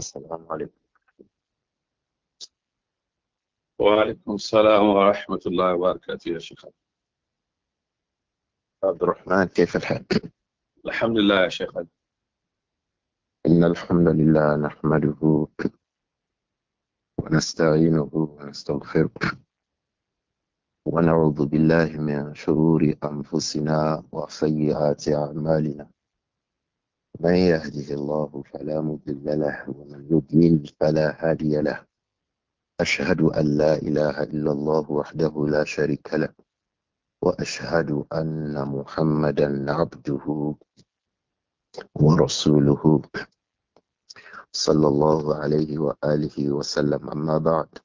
السلام عليكم وعليكم السلام ورحمة الله وبركاته يا شيخ عبد الرحمن كيف الحال؟ الحمد لله يا شيخ إن الحمد لله نحمده ونستعينه ونستغفره ونعوذ بالله من شرور أنفسنا وسيئات أعمالنا من يهده الله فلا مضل له ومن يضلل فلا هادي له أشهد أن لا إله إلا الله وحده لا شريك له وأشهد أن محمدا عبده ورسوله صلى الله عليه وآله وسلم أما بعد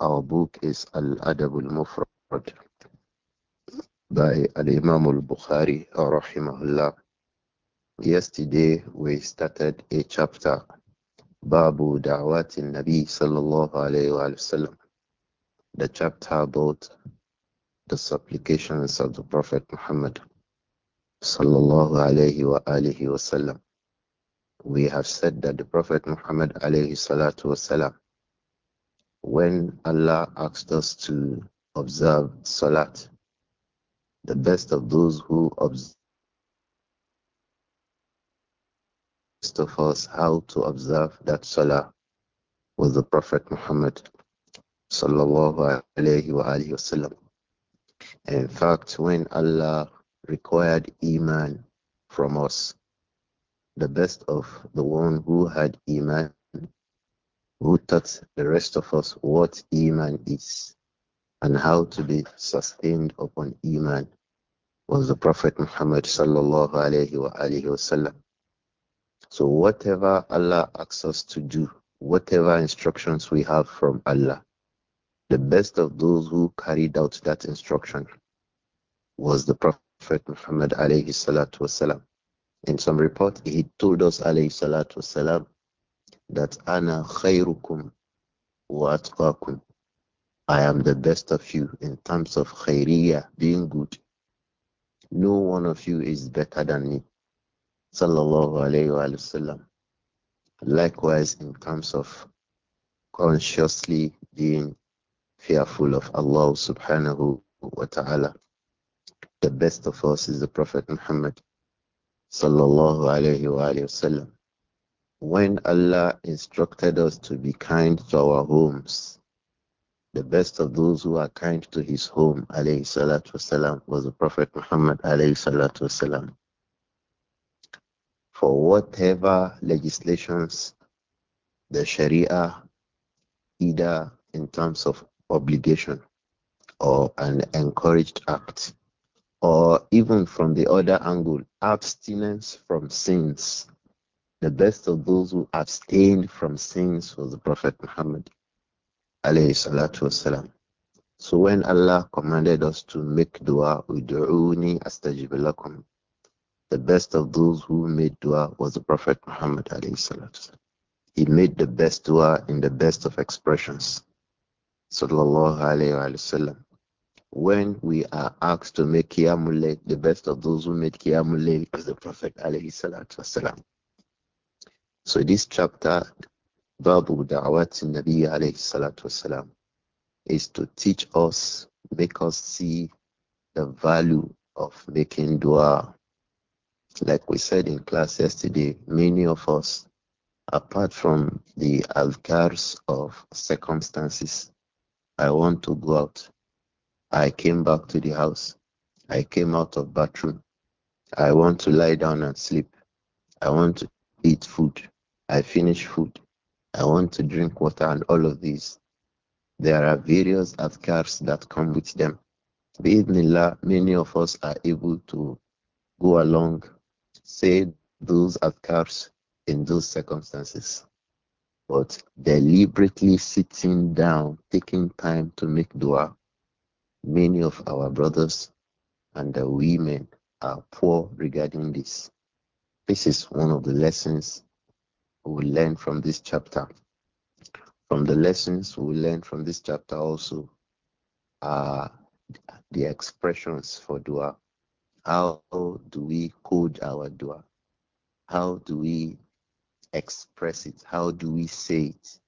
Our book is Al-Adab al-Mufrad by Al-Imam al-Bukhari rahimahullah Yesterday we started a chapter, Babu Da'wati Nabi sallallahu alayhi wa sallam, the chapter about the supplications of the Prophet Muhammad sallallahu alayhi wa alihi wa sallam. We have said that the Prophet Muhammad alayhi salatu wa sallam, when Allah asked us to observe Salat, the best of those who observe of us how to observe that salah was the Prophet Muhammad sallallahu alayhi wa alayhi In fact, when Allah required iman from us, the best of the one who had iman, who taught the rest of us what iman is and how to be sustained upon iman, was the Prophet Muhammad sallallahu alayhi wa alayhi so whatever Allah asks us to do, whatever instructions we have from Allah, the best of those who carried out that instruction was the Prophet Muhammad alayhi salatu wasalam. In some report, he told us alayhi salatu wasalam that ana khairukum wa atqakum. I am the best of you in terms of khairiyah, being good. No one of you is better than me alayhi Likewise, in terms of consciously being fearful of Allah subhanahu wa ta'ala. The best of us is the Prophet Muhammad sallallahu alayhi wa sallam. When Allah instructed us to be kind to our homes, the best of those who are kind to his home alayhi salatu was the Prophet Muhammad alayhi salatu wasalam for whatever legislations the Sharia, either in terms of obligation or an encouraged act, or even from the other angle, abstinence from sins. The best of those who abstained from sins was the Prophet Muhammad. So when Allah commanded us to make dua, ud'uni astajib lakum, the best of those who made dua was the Prophet Muhammad. He made the best dua in the best of expressions. Sallallahu alayhi wasallam. When we are asked to make Qiyamul the best of those who made Qiyamul was the Prophet alayhi So this chapter, Babu Da'awat Nabi alayhi salatu is to teach us, make us see the value of making dua. Like we said in class yesterday, many of us, apart from the adhkars of circumstances, I want to go out. I came back to the house. I came out of bathroom. I want to lie down and sleep. I want to eat food. I finish food. I want to drink water and all of these. There are various adhkars that come with them. Bismillah, many of us are able to go along say those adhkars in those circumstances. But deliberately sitting down, taking time to make dua, many of our brothers and the women are poor regarding this. This is one of the lessons we learn from this chapter. From the lessons we learn from this chapter also are the expressions for dua. How do we code our dua? How do we express it? How do we say it?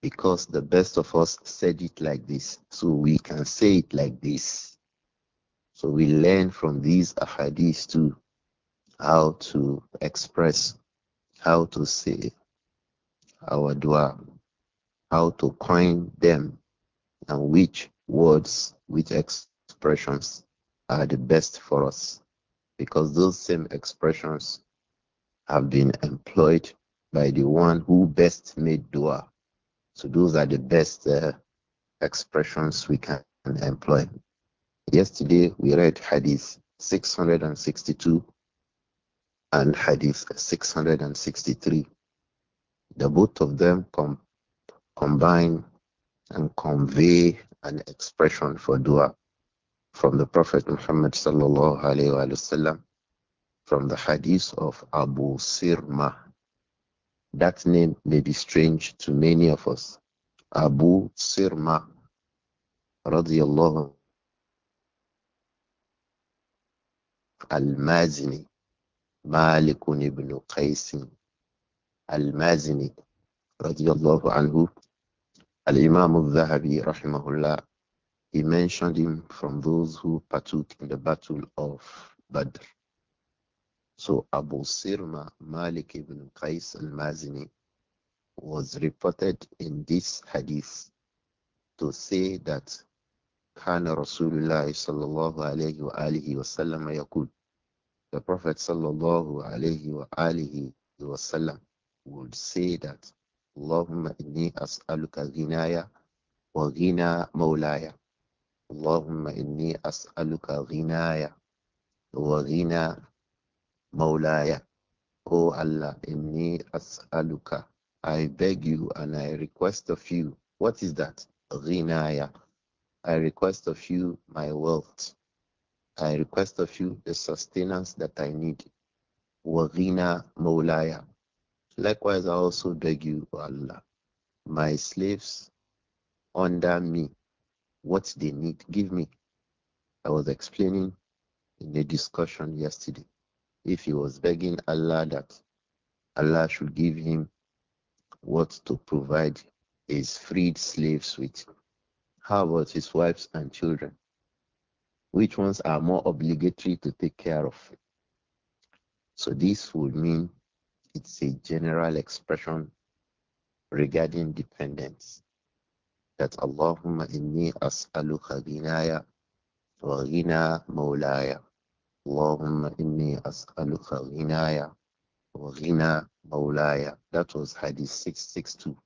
Because the best of us said it like this, so we can say it like this. So we learn from these ahadith too how to express, how to say our dua, how to coin them, and which words, which expressions are the best for us because those same expressions have been employed by the one who best made dua. So those are the best uh, expressions we can employ. Yesterday we read Hadith 662 and Hadith 663. The both of them com combine and convey an expression for dua from the Prophet Muhammad sallallahu alayhi wa sallam from the hadith of Abu Sirma. That name may be strange to many of us. Abu Sirma radiyallahu al-Mazini Malikun ibn Qaisin, al-Mazini radhiyallahu anhu al-Imam al-Zahabi rahimahullah he mentioned him from those who partook in the battle of Badr. So Abu Sirma Malik ibn Qais al-Mazini was reported in this hadith to say that كان Rasulullah sallallahu صلى الله عليه وآله وسلم يقول The Prophet صلى الله عليه وآله وسلم would say that اللهم إني أسألك غنايا وغنى مولايا اللهم إني أسألك غنايا وغنى مولاي Oh Allah, inni as'aluka. I beg you and I request of you. What is that? Ghinaya. I request of you my wealth. I request of you the sustenance that I need. Waghina Maulaya. Likewise, I also beg you, Allah, my slaves under me what they need. Give me. I was explaining in a discussion yesterday if he was begging Allah that Allah should give him what to provide his freed slaves with. How about his wives and children? Which ones are more obligatory to take care of? So this would mean it's a general expression regarding dependence that Allahumma inni as'aluka ghinaya wa ghina mawlaya. Allahumma inni as'aluka ghinaya wa ghina mawlaya. That was Hadith 662.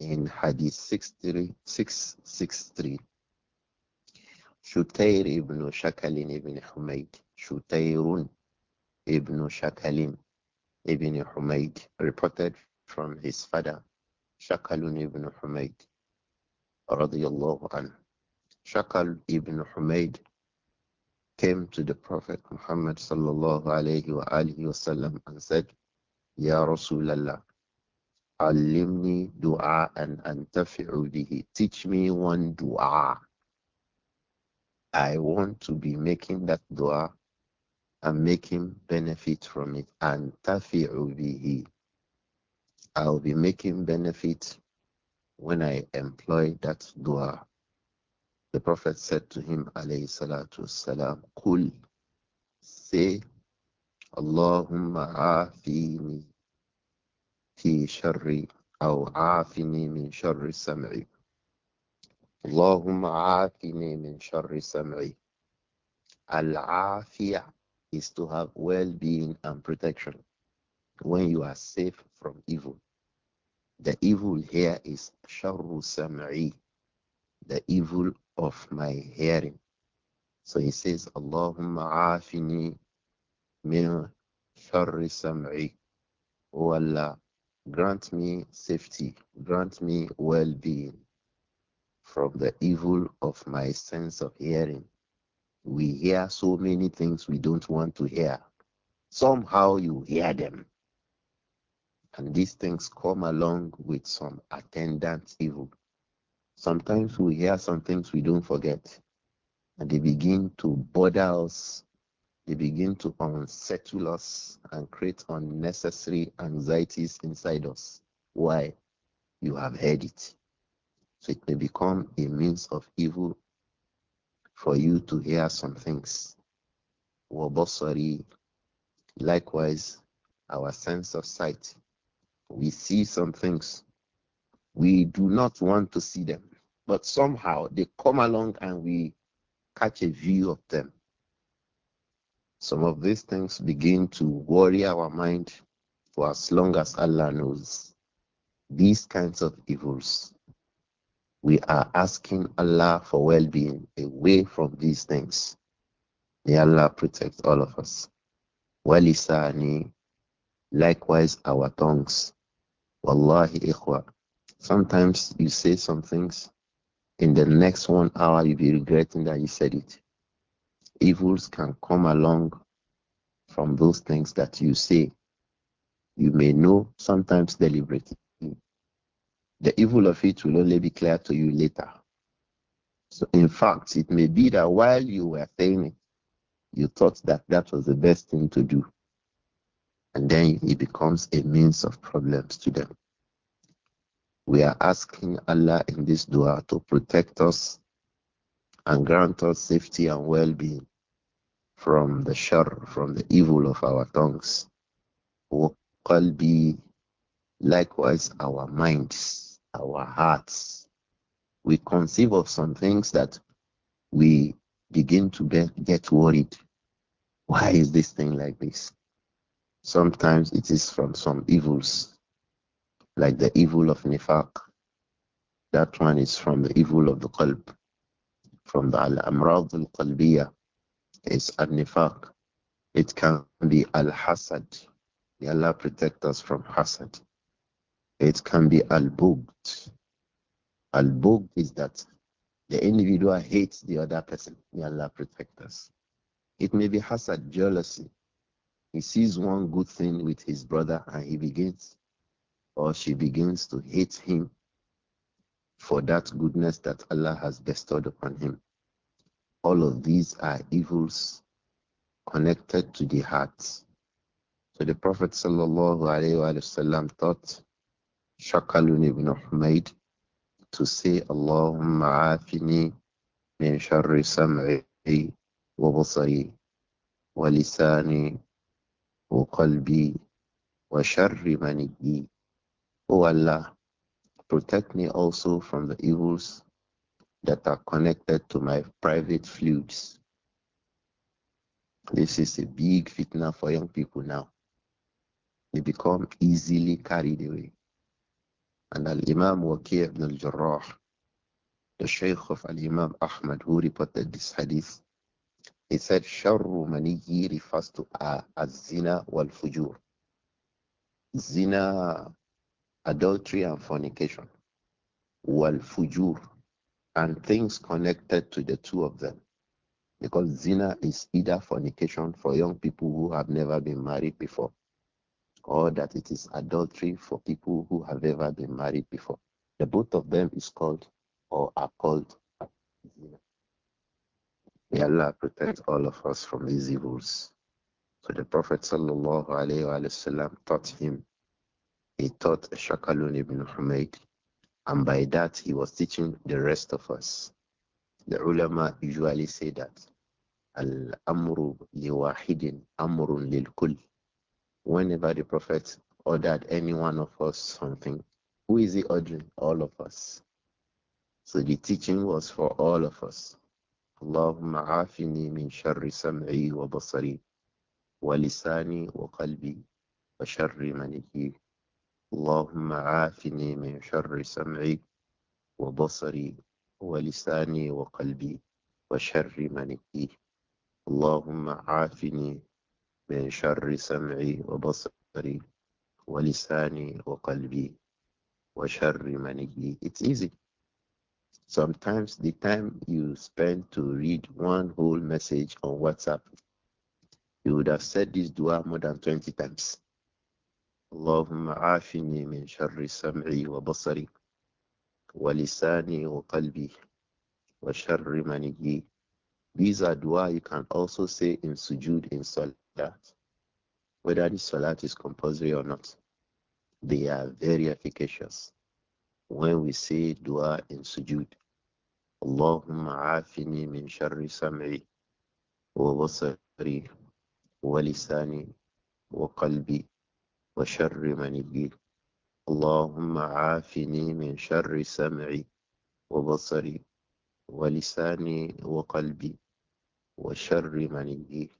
In Hadith 663, 663 Shutair ibn Shakalin ibn Humayd. Shutairun ibn Shakalin ibn Humayd reported from his father Shakalun ibn Humayd radiallahu anhu. Shakal ibn Humaid came to the Prophet Muhammad sallallahu alayhi wa alihi wasallam and said, Ya Rasulallah, Alimni dua and antafi'u bihi. Teach me one dua. I want to be making that dua and making benefit from it. Antafi'u bihi. I'll be making benefit when I employ that dua, the Prophet said to him, alayhi salatu salam, Kul, say, Allahumma afini fi sharri, أو min من sami'. سمعي اللهم shari من شر سمعي is to have well-being and protection when you are safe from evil the evil here is sharru sam'i, the evil of my hearing. So he says, Allahumma afini min sharri sam'i. O Allah, grant me safety, grant me well-being from the evil of my sense of hearing. We hear so many things we don't want to hear. Somehow you hear them. And these things come along with some attendant evil. Sometimes we hear some things we don't forget, and they begin to bother us. They begin to unsettle us and create unnecessary anxieties inside us. Why? You have heard it. So it may become a means of evil for you to hear some things. Wabosari, likewise, our sense of sight we see some things. We do not want to see them. But somehow they come along and we catch a view of them. Some of these things begin to worry our mind for as long as Allah knows. These kinds of evils. We are asking Allah for well being away from these things. May Allah protect all of us. Walisani, likewise our tongues. Wallahi ikhwa. Sometimes you say some things, in the next one hour you'll be regretting that you said it. Evils can come along from those things that you say. You may know, sometimes deliberately. The evil of it will only be clear to you later. So, in fact, it may be that while you were saying it, you thought that that was the best thing to do and then it becomes a means of problems to them. We are asking Allah in this dua to protect us and grant us safety and well being from the shar, from the evil of our tongues. be likewise our minds, our hearts. We conceive of some things that we begin to get worried. Why is this thing like this? Sometimes it is from some evils, like the evil of nifaq. That one is from the evil of the qalb, from the al-amrad al qalbiya It's al-nifaq. It can be al-hasad. May Allah protect us from hasad. It can be al-bughd. Al-bughd is that the individual hates the other person. May Allah protect us. It may be hasad, jealousy. He sees one good thing with his brother and he begins or she begins to hate him for that goodness that Allah has bestowed upon him. All of these are evils connected to the heart. So the Prophet wasallam taught Shakalun ibn Humayd to say, Allahumma afini min sharri sam'i wa basari wa lisani O Qalbi, O' sharri maniyyi. O Allah, protect me also from the evils that are connected to my private fluids. This is a big fitna for young people now. They become easily carried away. And Al Imam Waqi ibn al Jarrah, the Shaykh of Al Imam Ahmad, who reported this hadith, he said, Sharru maniyi refers to uh, as zina wal fujur. Zina, adultery and fornication. Wal fujur, and things connected to the two of them. Because zina is either fornication for young people who have never been married before, or that it is adultery for people who have ever been married before. The both of them is called or are called zina. May Allah protect all of us from these evils. So the Prophet sallallahu taught him. He taught Shakalun ibn Humayd, and by that he was teaching the rest of us. The ulama usually say that Al-Amru liwahidin amrun lilkul. Whenever the Prophet ordered any one of us something, who is he ordering? All of us. So the teaching was for all of us. اللهم عافني من شر سمعي وبصري ولساني وقلبي وشر مني اللهم عافني من شر سمعي وبصري ولساني وقلبي وشر مني اللهم عافني من شر سمعي وبصري ولساني وقلبي وشر مني It's easy. Sometimes the time you spend to read one whole message on WhatsApp, you would have said this dua more than 20 times. اللهم عافني من شر سمعي وبصري ولساني وقلبي وشر مني These are dua you can also say in sujud in salat, whether the salat is compulsory or not. They are very efficacious when we say dua in sujud, Allahumma afini min sharri sam'i wa basari wa lisani wa qalbi wa sharri manibir. اللهم عافني من شر سمعي وبصري ولساني وقلبي وشر مني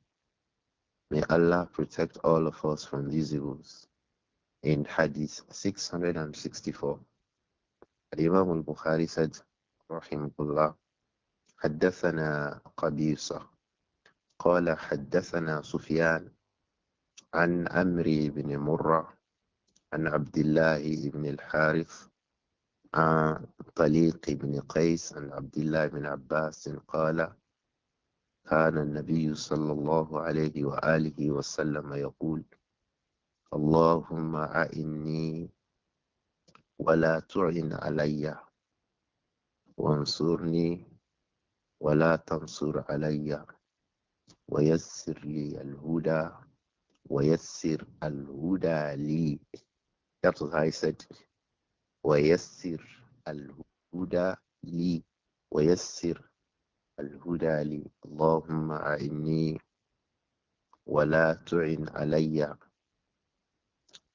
May Allah protect all of us from these evils. In Hadith 664, الإمام البخاري سد رحمه الله حدثنا قبيصة قال حدثنا سفيان عن أمري بن مرة عن عبد الله بن الحارث عن طليق بن قيس عن عبد الله بن عباس قال كان النبي صلى الله عليه وآله وسلم يقول اللهم أعني ولا تعن علي وانصرني ولا تنصر علي ويسر لي الهدى ويسر الهدى لي That was how he said ويسر الهدى لي ويسر الهدى لي اللهم أعني ولا تعن علي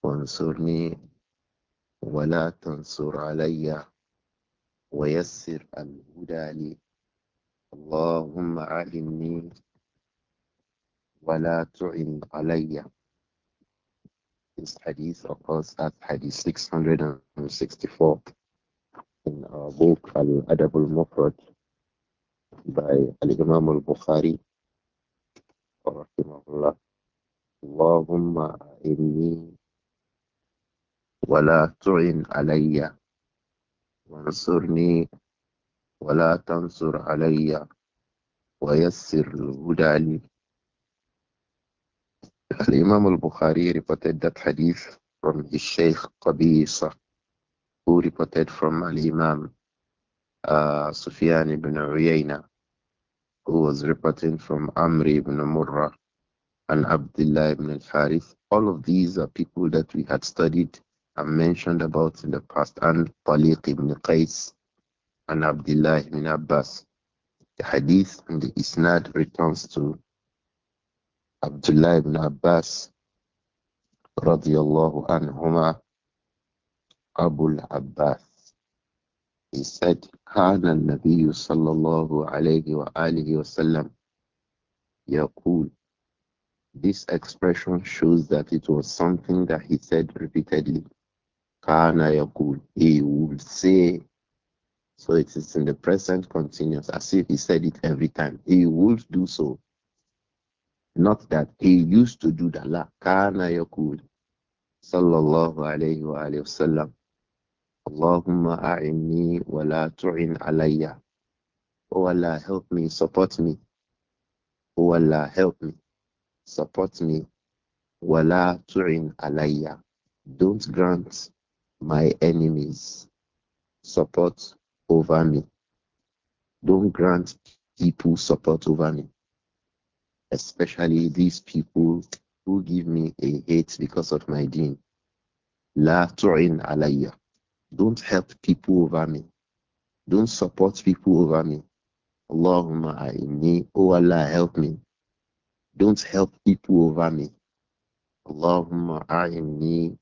وانصرني ولا تنصر علي ويسر الهدى لي اللهم علمني ولا تعن علي This hadith occurs at hadith 664 in our book Al-Adab al-Mufrad by Al-Imam al-Bukhari رحمه الله اللهم إني ولا تعن علي وانصرني ولا تنصر علي ويسر الهدى لي الإمام البخاري reported that hadith from his Shaykh Qabisa who reported from Al-Imam uh, Sufyan ibn Uyayna who was reporting from Amri ibn Murrah and Abdullah ibn al-Harith all of these are people that we had studied I mentioned about in the past, and Taliq ibn Qais and Abdullah ibn Abbas. The hadith and the isnad returns to Abdullah ibn Abbas radiallahu anhuma Abu al-Abbas. He said, كان النبي صلى الله عليه وآله وسلم يقول This expression shows that it was something that he said repeatedly. Kana Yakul. He would say, so it is in the present continuous, as if he said it every time. He would do so. Not that he used to do that. La Kana Yakul. Sallallahu alayhi wa alayhi wa sallam. Allahumma a'inni wa la tu'in alayya. Oh Allah, help me, support me. Oh Allah, help me, support me. Wala tu'in alayya. Don't grant my enemies support over me. Don't grant people support over me, especially these people who give me a hate because of my deen. La tu'in alayya. Don't help people over me. Don't support people over me. Allahumma a'inni. Oh Allah, help me. Don't help people over me. Allahumma a'inni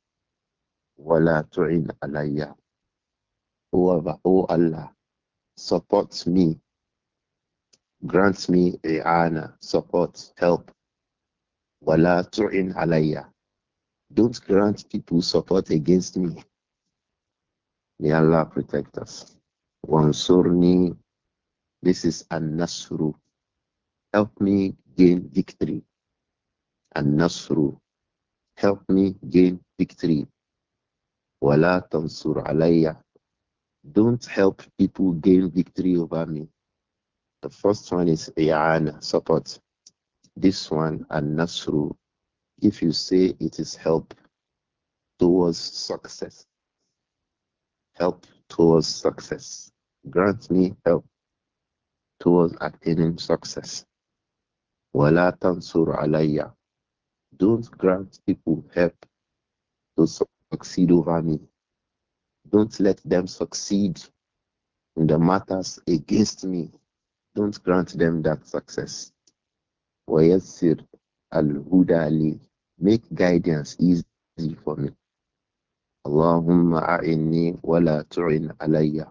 Wala tu'in alayya. Whoever, O Allah, support me, grant me i'ana, support, help. Wala tu'in alayya. Don't grant people support against me. May Allah protect us. Wansurni. This is An-Nasru. Help me gain victory. An-Nasru. Help me gain victory. Wala tansur alayya. Don't help people gain victory over me. The first one is i'ana, support. This one, and nasru, if you say it is help towards success. Help towards success. Grant me help towards attaining success. Wala tansur alayya. Don't grant people help to succeed over me. Don't let them succeed in the matters against me. Don't grant them that success. Wayasir al-Huda Make guidance easy for me. Allahumma a'inni wa la tu'in alayya.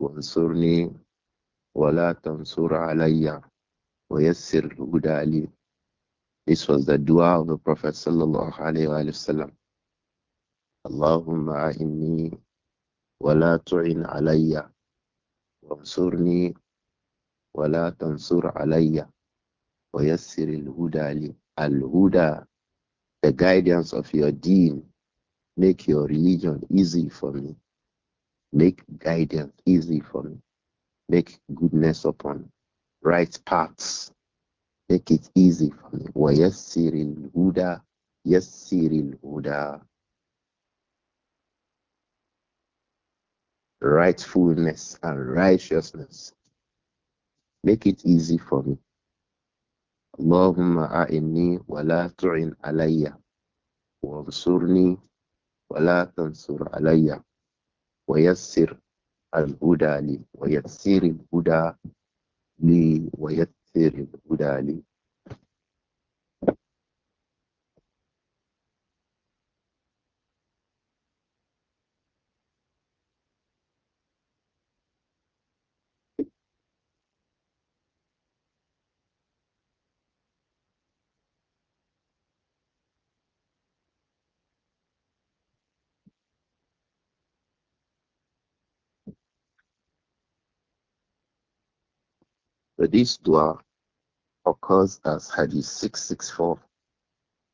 Wansurni wa la tansur alayya. Wayasir al-Huda This was the dua of the Prophet sallallahu alayhi wa sallam. اللهم أعني ولا تعن علي وانصرني ولا تنصر علي ويسر الهدى لي الهدى the guidance of your deen make your religion easy for me make guidance easy for me make goodness upon right paths make it easy for me ويسر الهدى يسر الهدى rightfulness and righteousness. Make it easy for me. Allahumma a'inni wa la tu'in alayya wa ansurni wa la tansur alayya wa yassir al-huda li wa yassir al-huda li wa yassir al-huda li This dua occurs as Hadith 664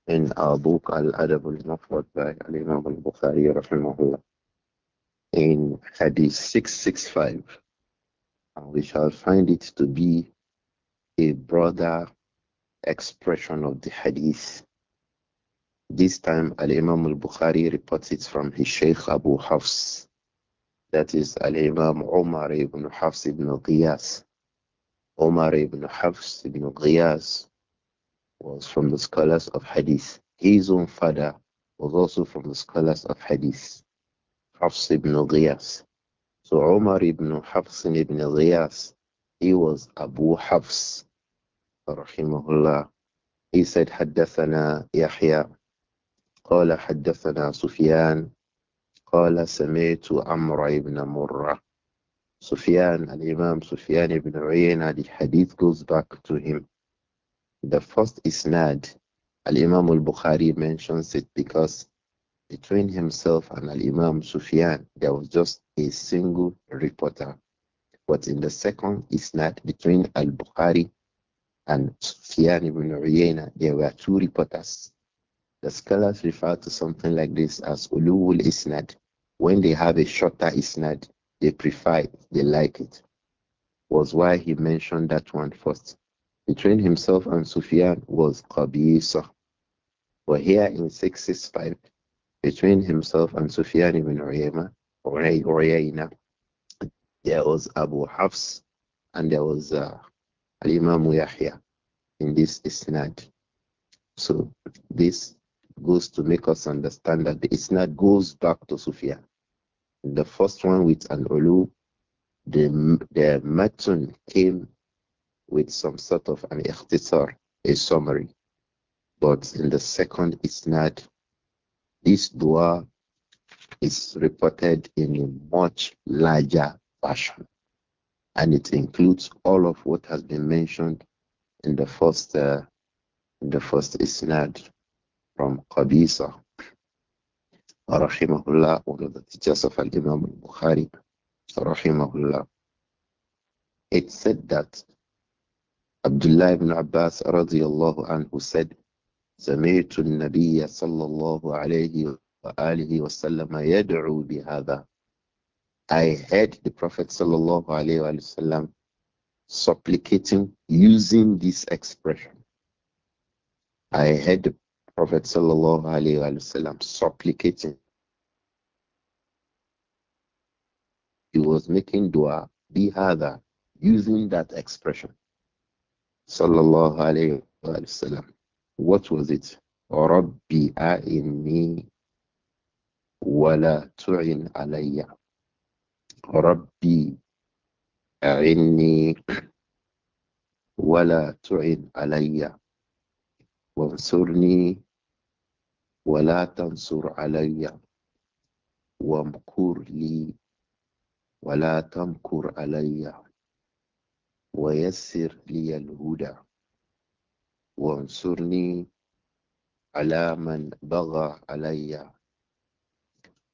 in our book Al-Adab al by Al-Imam al-Bukhari in Hadith 665 and we shall find it to be a broader expression of the Hadith. This time Al-Imam al-Bukhari reports it from his Sheikh Abu Hafs that is Al-Imam Umar ibn Hafs ibn Qiyas Omar ibn Hafs ibn Ghiyas was from the scholars of Hadith. His own father was also from the scholars of Hadith, Hafs ibn Ghiyas. So Omar ibn Hafs ibn Ghiyas, he was Abu Hafs, rahimahullah. He said, حدثنا Yahya." قال حدثنا سفيان قال سمعت عمرو ibn Amr." Sufyan, Al Imam Sufyan ibn Uyayna, the hadith goes back to him. The first isnad, Al Imam al Bukhari mentions it because between himself and Al Imam Sufyan, there was just a single reporter. But in the second isnad, between Al Bukhari and Sufyan ibn Uyayna, there were two reporters. The scholars refer to something like this as ulul isnad when they have a shorter isnad they prefer it, they like it. Was why he mentioned that one first. Between himself and Sufyan was Qabisa. But here in 665, between himself and Sufyan ibn Uyayma, Uyayna, there was Abu Hafs and there was uh, Al-Imam Yahya in this isnad. So this goes to make us understand that the isnad goes back to Sufyan. The first one with an ulu, the, the matun came with some sort of an ikhtisar, a summary. But in the second it's not. this dua is reported in a much larger fashion. And it includes all of what has been mentioned in the first uh, in the first isnad from Qabisa rahimahullah, one of the teachers of Al-Imam al-Bukhari, rahimahullah, it said that Abdullah ibn Abbas radiyallahu anhu said, سمعت النبي صلى الله عليه وآله وسلم يدعو بهذا I heard the Prophet صلى الله عليه وآله وسلم supplicating using this expression. I heard the Prophet sallallahu alaihi wasallam supplicating. He was making dua bihada using that expression. Sallallahu alaihi wasallam. What was it? رَبِّ أَعِنِّي وَلَا تُعِنْ عَلَيَّ رَبِّ أَعِنِّي وَلَا تُعِنْ عَلَيَّ وَانْصُرْنِي ولا تنصر علي وامكر لي ولا تمكر علي ويسر لي الهدى وانصرني على من بغى علي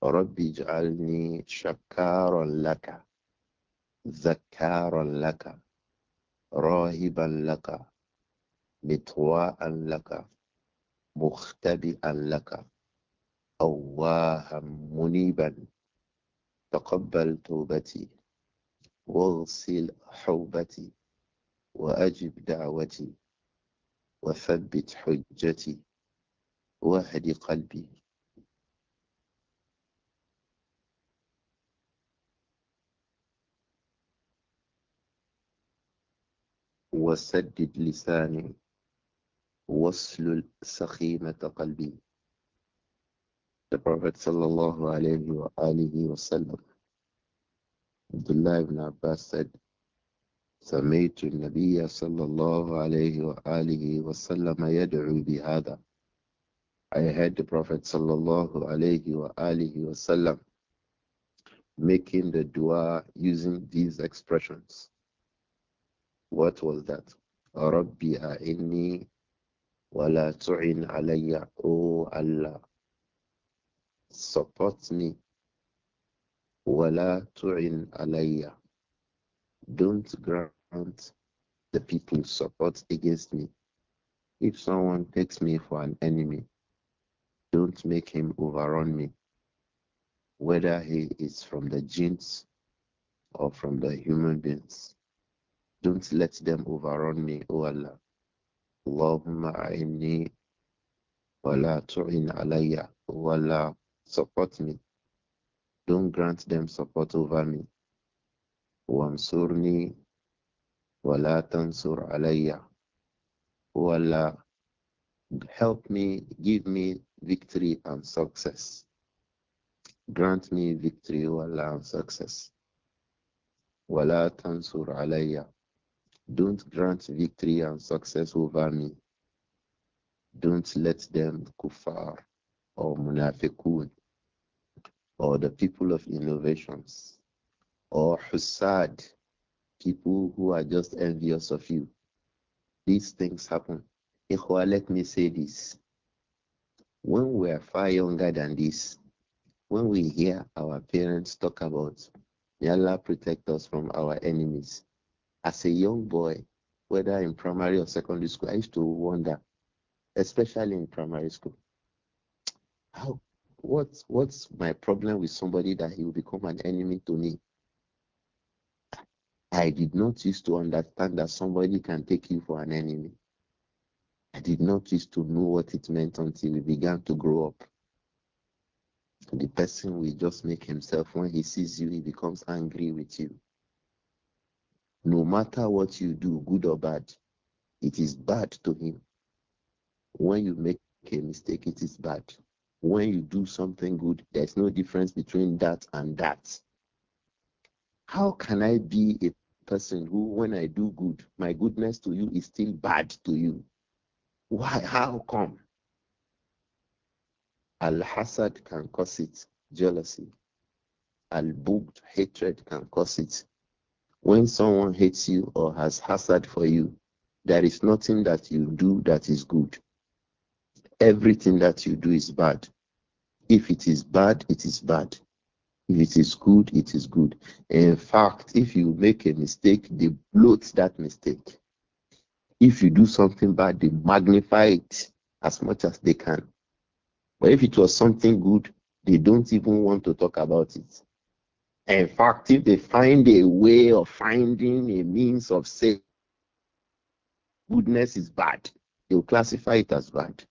رب اجعلني شكارا لك ذكارا لك راهبا لك مطواء لك مختبئا لك أواها منيبا تقبل توبتي واغسل حوبتي وأجب دعوتي وثبت حجتي واهد قلبي وسدد لساني وَصْلُ السَّخِيمَةَ قَلْبِي The Prophet sallallahu alayhi wa alihi wa Abdullah ibn Abbas said سمعت النبي صلى الله عليه وآله وسلم يدعو بهذا I heard the Prophet sallallahu alayhi wa making the dua using these expressions. What was that? رَبِّ أَعِنِّي Wala tu'in alayya, O Allah. Support me. Wala tu'in alayya. Don't grant the people support against me. If someone takes me for an enemy, don't make him overrun me, whether he is from the jinns or from the human beings. Don't let them overrun me, O Allah. Love me, ولا la tu'in ولا support me. Don't grant them support over me. Wamsurni ولا la tansur ولا help me, give me victory and success. Grant me victory, Wallah, and success. ولا tansur alayya. Don't grant victory and success over me. Don't let them kuffar or munafiqun or the people of innovations or husad, people who are just envious of you. These things happen. Ikhwa, let me say this. When we are far younger than this, when we hear our parents talk about, may Allah protect us from our enemies. As a young boy, whether in primary or secondary school, I used to wonder, especially in primary school, how what's what's my problem with somebody that he will become an enemy to me? I did not used to understand that somebody can take you for an enemy. I did not used to know what it meant until we began to grow up. The person will just make himself, when he sees you, he becomes angry with you. No matter what you do, good or bad, it is bad to him. When you make a mistake, it is bad. When you do something good, there's no difference between that and that. How can I be a person who, when I do good, my goodness to you is still bad to you? Why? How come? Al hasad can cause it, jealousy. Al bugd, hatred can cause it, when someone hates you or has hazard for you, there is nothing that you do that is good. Everything that you do is bad. If it is bad, it is bad. If it is good, it is good. In fact, if you make a mistake, they bloat that mistake. If you do something bad, they magnify it as much as they can. But if it was something good, they don't even want to talk about it. In fact, if they find a way of finding a means of saying goodness is bad, they will classify it as bad.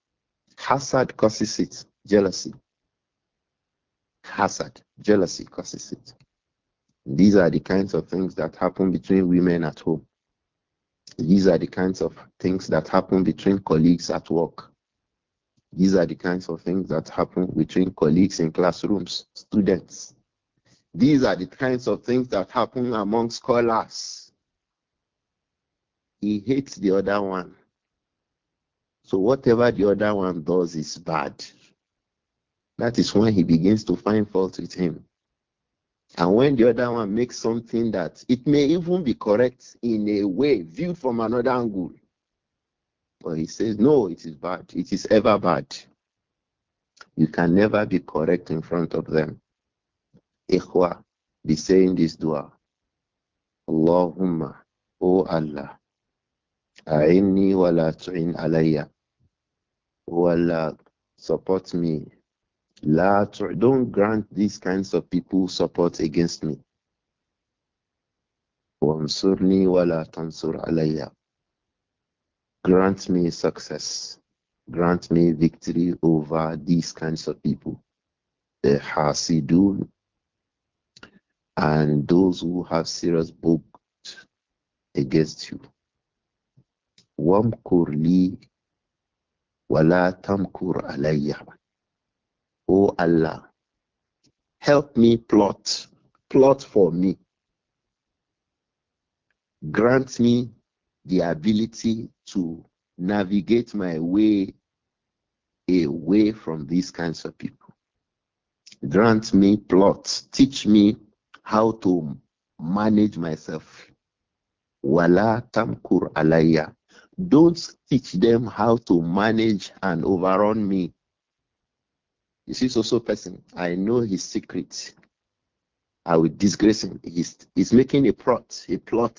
Hazard causes it, jealousy. Hazard, jealousy causes it. These are the kinds of things that happen between women at home. These are the kinds of things that happen between colleagues at work. These are the kinds of things that happen between colleagues in classrooms, students. These are the kinds of things that happen among scholars. He hates the other one. So whatever the other one does is bad. That is when he begins to find fault with him. And when the other one makes something that it may even be correct in a way, viewed from another angle. But he says, no, it is bad. It is ever bad. You can never be correct in front of them ikhwa, be saying this dua. Allahumma, O Allah, a'inni wa la tu'in alayya. O Allah, support me. La don't grant these kinds of people support against me. wa la tansur علي. Grant me success. Grant me victory over these kinds of people. The Hasidun and those who have serious books against you. Wamkur li wala tamkur alayya. O Allah, help me plot, plot for me. Grant me the ability to navigate my way away from these kinds of people. Grant me plots, teach me how to manage myself. Wala tamkur alayya. Don't teach them how to manage and overrun me. This is also person. I know his secret. I will disgrace him. He's, he's making a plot, a plot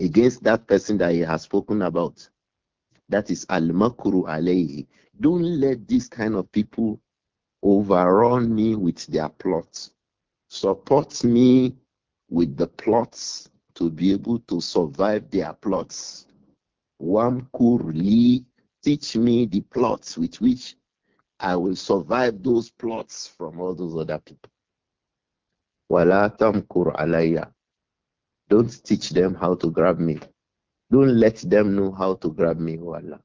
against that person that he has spoken about. That is al makuru alayhi. Don't let these kind of people overrun me with their plots. Support me with the plots to be able to survive their plots. Wamkurli, teach me the plots with which I will survive those plots from all those other people. tamkur alaya. Don't teach them how to grab me. Don't let them know how to grab me, Wala.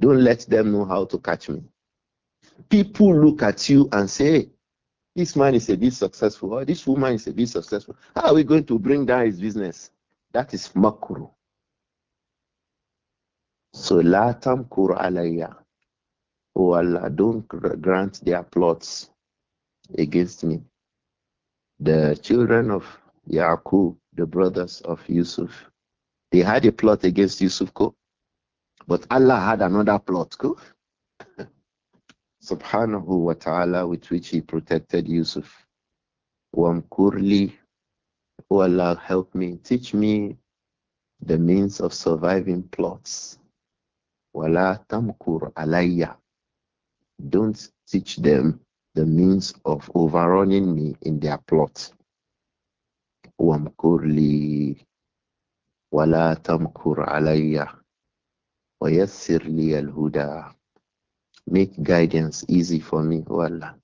Don't let them know how to catch me. People look at you and say, this man is a bit successful, or this woman is a bit successful. How are we going to bring down his business? That is makru. So la tamkur alayya. Oh Allah, don't grant their plots against me. The children of Yaqub, the brothers of Yusuf, they had a plot against Yusuf, but Allah had another plot subhanahu wa ta'ala with which he protected Yusuf. Wamkurli, O Allah, help me, teach me the means of surviving plots. Wala tamkur alayya. Don't teach them the means of overrunning me in their plot. Wamkurli, wala tamkur alayya. ويسر لي الهدى Make guidance easy for me, O oh Allah.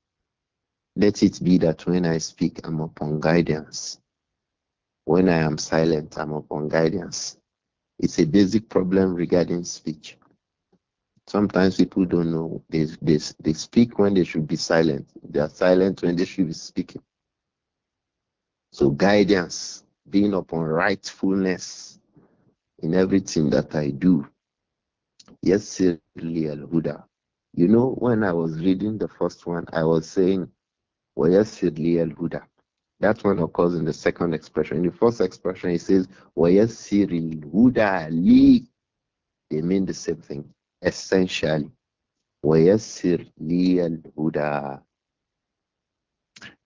Let it be that when I speak, I'm upon guidance. When I am silent, I'm upon guidance. It's a basic problem regarding speech. Sometimes people don't know. They, they, they speak when they should be silent. They are silent when they should be speaking. So, guidance, being upon rightfulness in everything that I do. Yes, Huda. You know, when I was reading the first one, I was saying, وَيَسِّرْ لِيَ Huda." That one occurs in the second expression. In the first expression, it says, وَيَسِّرْ Huda Li." They mean the same thing, essentially. وَيَسِّرْ لِيَ Huda."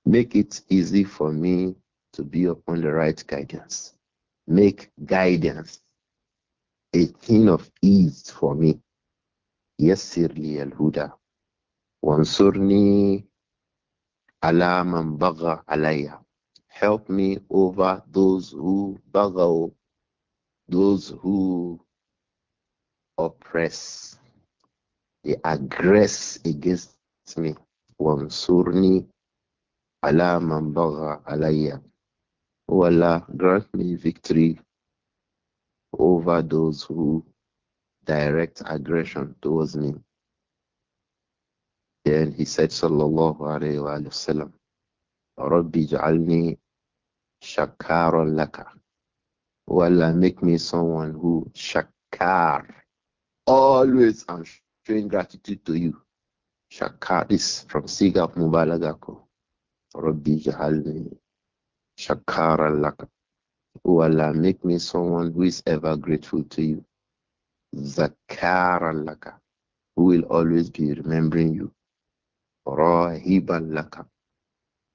Make it easy for me to be upon the right guidance. Make guidance a thing of ease for me. يسر لي الهدى وانصرني على من بغى علي help me over those who بغوا those who oppress they aggress against me وانصرني على من بغى علي O Allah grant me victory over those who direct aggression towards me. Then he said, Sallallahu Alaihi Wasallam, wa Rabbi ja'alni shakaran laka. O Allah, make me someone who shakar, always I'm showing gratitude to you. Shakar, this from Sigab Mubalagako. Rabbi ja'alni shakaran laka. O Allah, make me someone who is ever grateful to you. Zakaran who will always be remembering you. Rahiban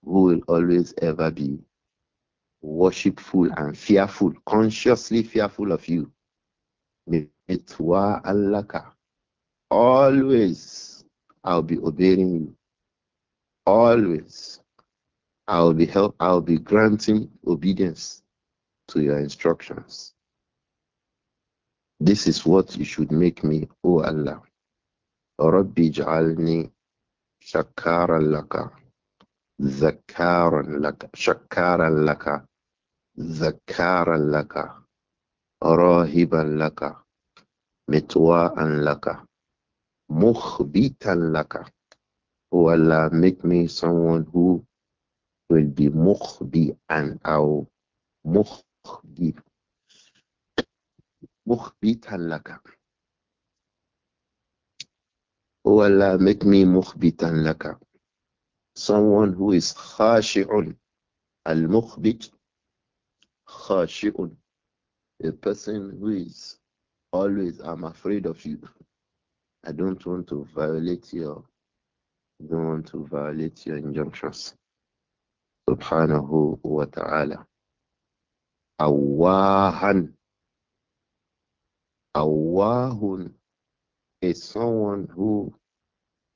who will always ever be worshipful and fearful, consciously fearful of you. Mitwa allaka, always I'll be obeying you. Always I'll be help I'll be granting obedience to your instructions. This is what you should make me, O Allah. Rabbi ja'alni shakaran laka, zakaran laka, shakaran laka, zakaran laka, rahiban laka, mitwa'an laka, mukhbitan laka. O Allah, make me someone who will be mukhbi and O mukhbi مخبتا لك Oh Allah, make me al laka. Someone who is khashi'un. Al-mukhbit khashi'un. A person who is always, I'm afraid of you. I don't want to violate your, don't want to violate your injunctions. Subhanahu wa ta'ala. Awahan. Awahun is someone who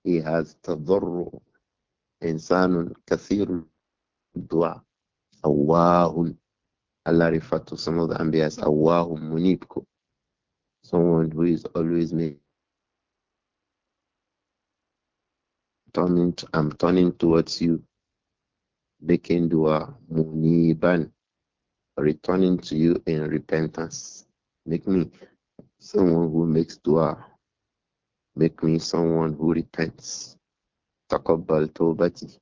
he has tadarru. Insanun kathirun dua. Awahun. Allah referred to some of the Anbiya as Awahun munibku. Someone who is always me. turning, I'm turning towards you, making dua muniban, returning to you in repentance. Make me someone who makes dua. Make me someone who repents. Taqabbal tawbati.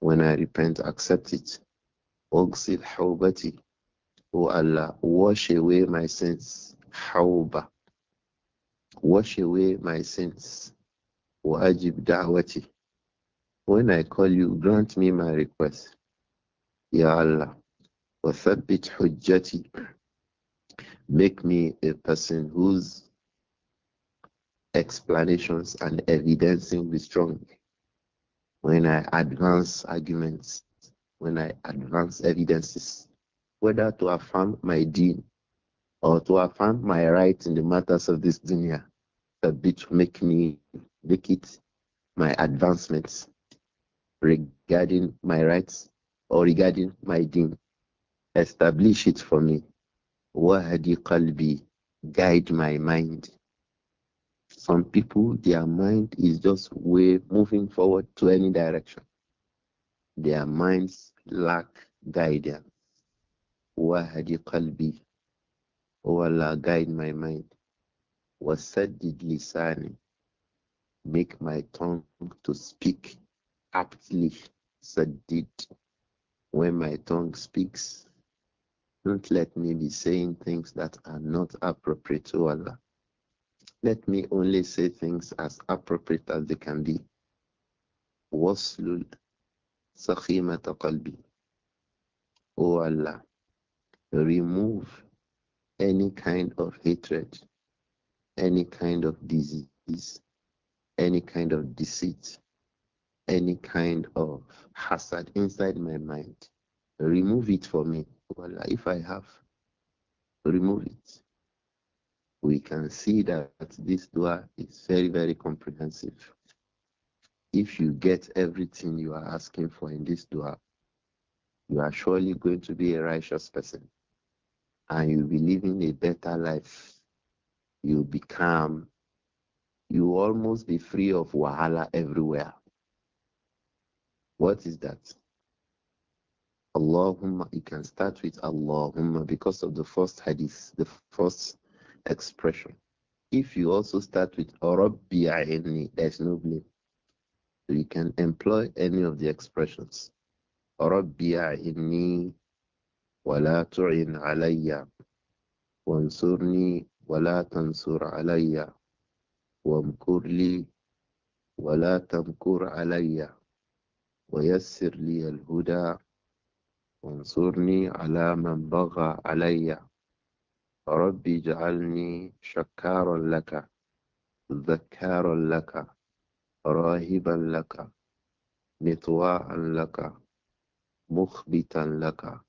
When I repent, accept it. Ugsil hawbati. O Allah, wash away my sins. Hawba. Wash away my sins. Wajib da'wati. When I call you, grant me my request. Ya Allah. وثبت حجتي Make me a person whose explanations and evidencing be strong. When I advance arguments, when I advance evidences, whether to affirm my deen or to affirm my right in the matters of this dunya, that which make me make it my advancements regarding my rights or regarding my deen. Establish it for me. Wahdi qalbi, guide my mind. Some people, their mind is just way moving forward to any direction. Their minds lack guidance. Wahdi qalbi, O oh Allah, guide my mind. Wasaddid lisani, make my tongue to speak aptly. Sadid, when my tongue speaks, don't let me be saying things that are not appropriate to Allah. Let me only say things as appropriate as they can be. Waṣlul سخيمة O Allah, remove any kind of hatred, any kind of disease, any kind of deceit, any kind of hazard inside my mind. Remove it for me. Allah, if I have, remove it. We can see that this dua is very, very comprehensive. If you get everything you are asking for in this dua, you are surely going to be a righteous person and you'll be living a better life. You'll become, you almost be free of wahala everywhere. What is that? Allahumma, you can start with Allahumma because of the first hadith, the first expression. If you also start with Rabbi A'inni, there's no blame. So you can employ any of the expressions. Rabbi A'inni wa la tu'in alayya wansurni wa la tansur alayya wamkur li wa la tamkur alayya ويسر al-huda, وانصرني على من بغى علي ربي اجعلني شكارا لك ذكارا لك راهبا لك مطواء لك مخبتا لك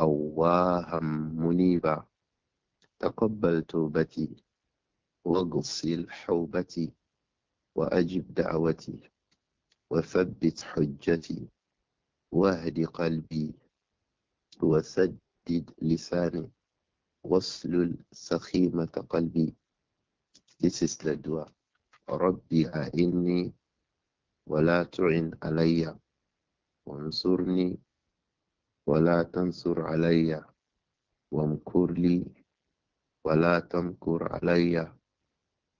أواها منيبا تقبل توبتي واغسل حوبتي وأجب دعوتي وثبت حجتي واهد قلبي وسدد لساني واسلل سخيمة قلبي This is the dua. ربي أعني ولا تعن علي وانصرني ولا تنصر علي وامكر لي ولا تمكر علي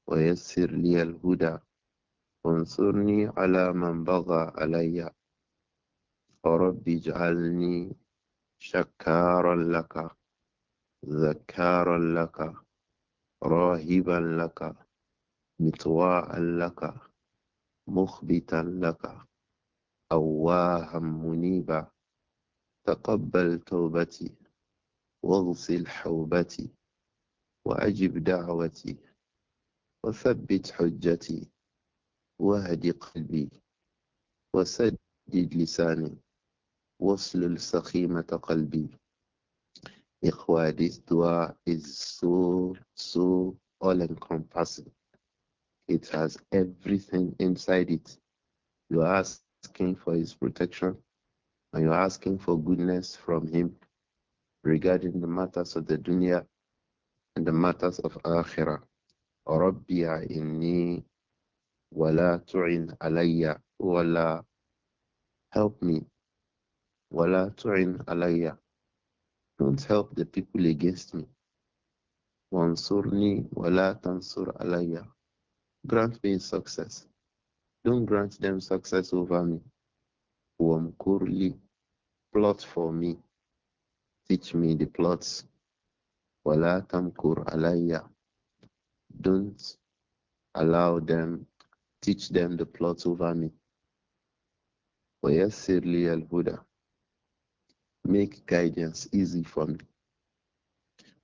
ويسر لي الهدى وانصرني على من بغى علي رب اجعلني شكارا لك ذكارا لك راهبا لك مطواء لك مخبتا لك أواها منيبا تقبل توبتي واغسل حوبتي وأجب دعوتي وثبت حجتي واهد قلبي وسدد لساني وَاسْلُلْ سَخِيمَةَ قَلْبِي Ikhwa, this dua is so, so all-encompassing. It has everything inside it. You are asking for his protection and you are asking for goodness from him regarding the matters of the dunya and the matters of akhirah. رَبِّيَ إِنِّي وَلَا تُعِنْ عَلَيَّ وَلَا Help me Wala tu'in alayya. Don't help the people against me. Wansurni wala tansur alayya. Grant me success. Don't grant them success over me. Wamkurli. Plot for me. Teach me the plots. Wala tamkur alayya. Don't allow them, teach them the plots over me. ويسر لي الهدى Make guidance easy for me.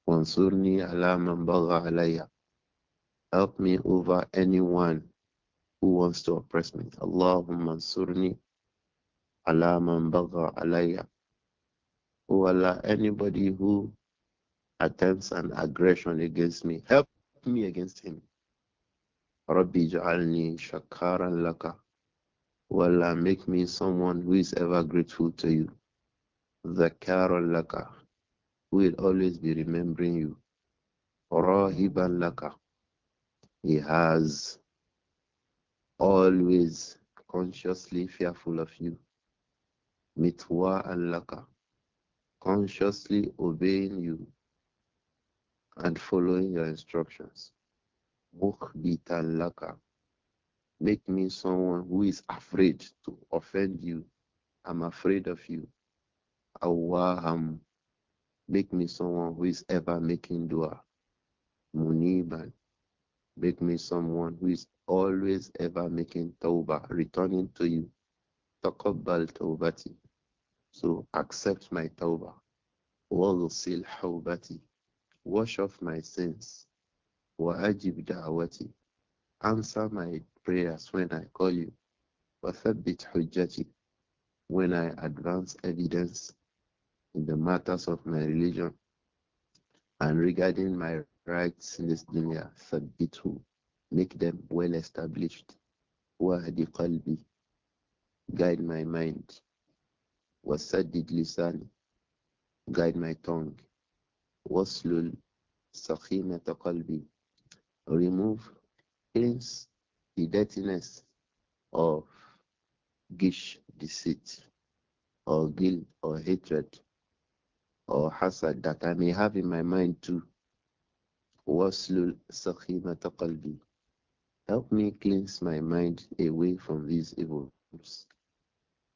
وانصرني على من بغى Help me over anyone who wants to oppress me. Allāhumma انصرني على من alayya. علي. Oh Allah, anybody who attempts an aggression against me, help me against him. Rabbi ja'alni shakaran laka. Oh Allah, make me someone who is ever grateful to you. Zakarul laka. Will always be remembering you. Rahiban laka. He has always consciously fearful of you. Mitwa and laka. Consciously obeying you and following your instructions. Mukbitan laka. Make me someone who is afraid to offend you. I'm afraid of you. Awaham. Um, make me someone who is ever making dua. Muniban. Make me someone who is always ever making tawbah, returning to you. Taqabbal tawbati. So accept my tawbah. Waghsil hawbati. Wash off my sins. Wa'ajib da'wati. Answer my prayers when I call you. Wathabit hujjati. When I advance evidence in the matters of my religion and regarding my rights in this dunya, ثبته, make them well established. وَهْدِ qalbi, Guide my mind. Wasadid lisan, Guide my tongue. Waslul سَخِيمَةَ قَلْبِي Remove, pains, the dirtiness of gish, deceit, or guilt, or hatred or hasad that I may have in my mind too. Waslul sakhimata qalbi. Help me cleanse my mind away from these evils.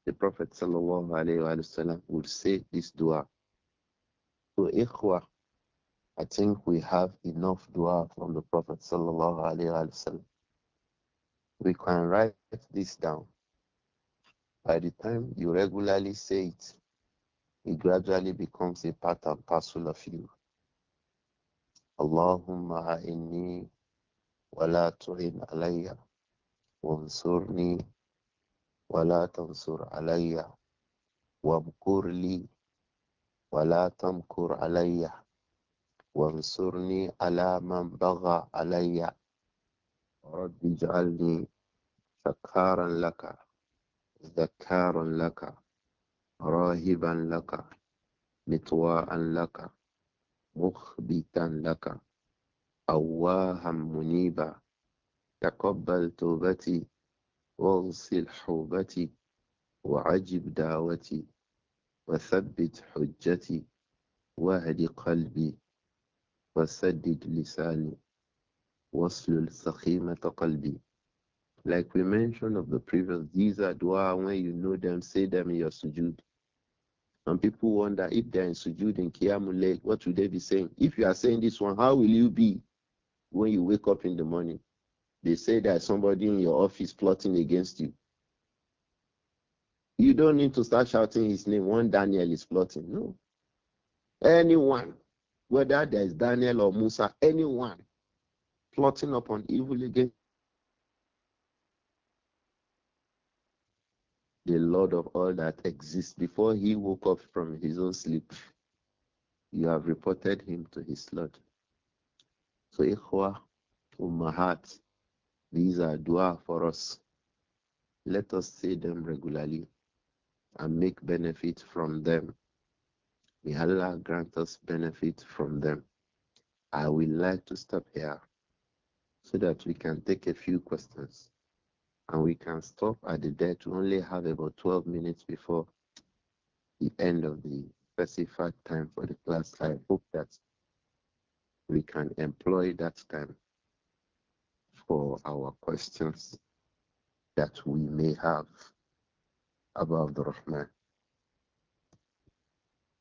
The Prophet wasallam would say this dua. So, ikhwa, I think we have enough dua from the Prophet. wasallam. We can write this down. By the time you regularly say it, it gradually becomes a part and parcel of you. Allahumma a'inni wa la tu'in alayya wansurni wa la tansur alayya wa li wa la tamkur alayya وانصرني ala من بغى علي رب اجعلني شكارا لك ذكارا laka راهبا لك مطواء لك مخبتا لك أواها منيبا تقبل توبتي واغسل حوبتي وعجب دعوتي وثبت حجتي واهد قلبي وسدد لساني واسلل سخيمة قلبي Like we mentioned of the previous, these are dua when you know them, say them in your sujood. And people wonder if they're in sujud and what will they be saying? If you are saying this one, how will you be when you wake up in the morning? They say there is somebody in your office plotting against you. You don't need to start shouting his name. One Daniel is plotting. No. Anyone, whether there is Daniel or Musa, anyone plotting upon evil against the Lord of all that exists, before he woke up from his own sleep, you have reported him to his Lord. So, Ikhwa, Ummahat, these are dua for us. Let us say them regularly and make benefit from them. May Allah grant us benefit from them. I will like to stop here so that we can take a few questions and we can stop at the date We only have about 12 minutes before the end of the specified time for the class. I hope that we can employ that time for our questions that we may have about the Rahman.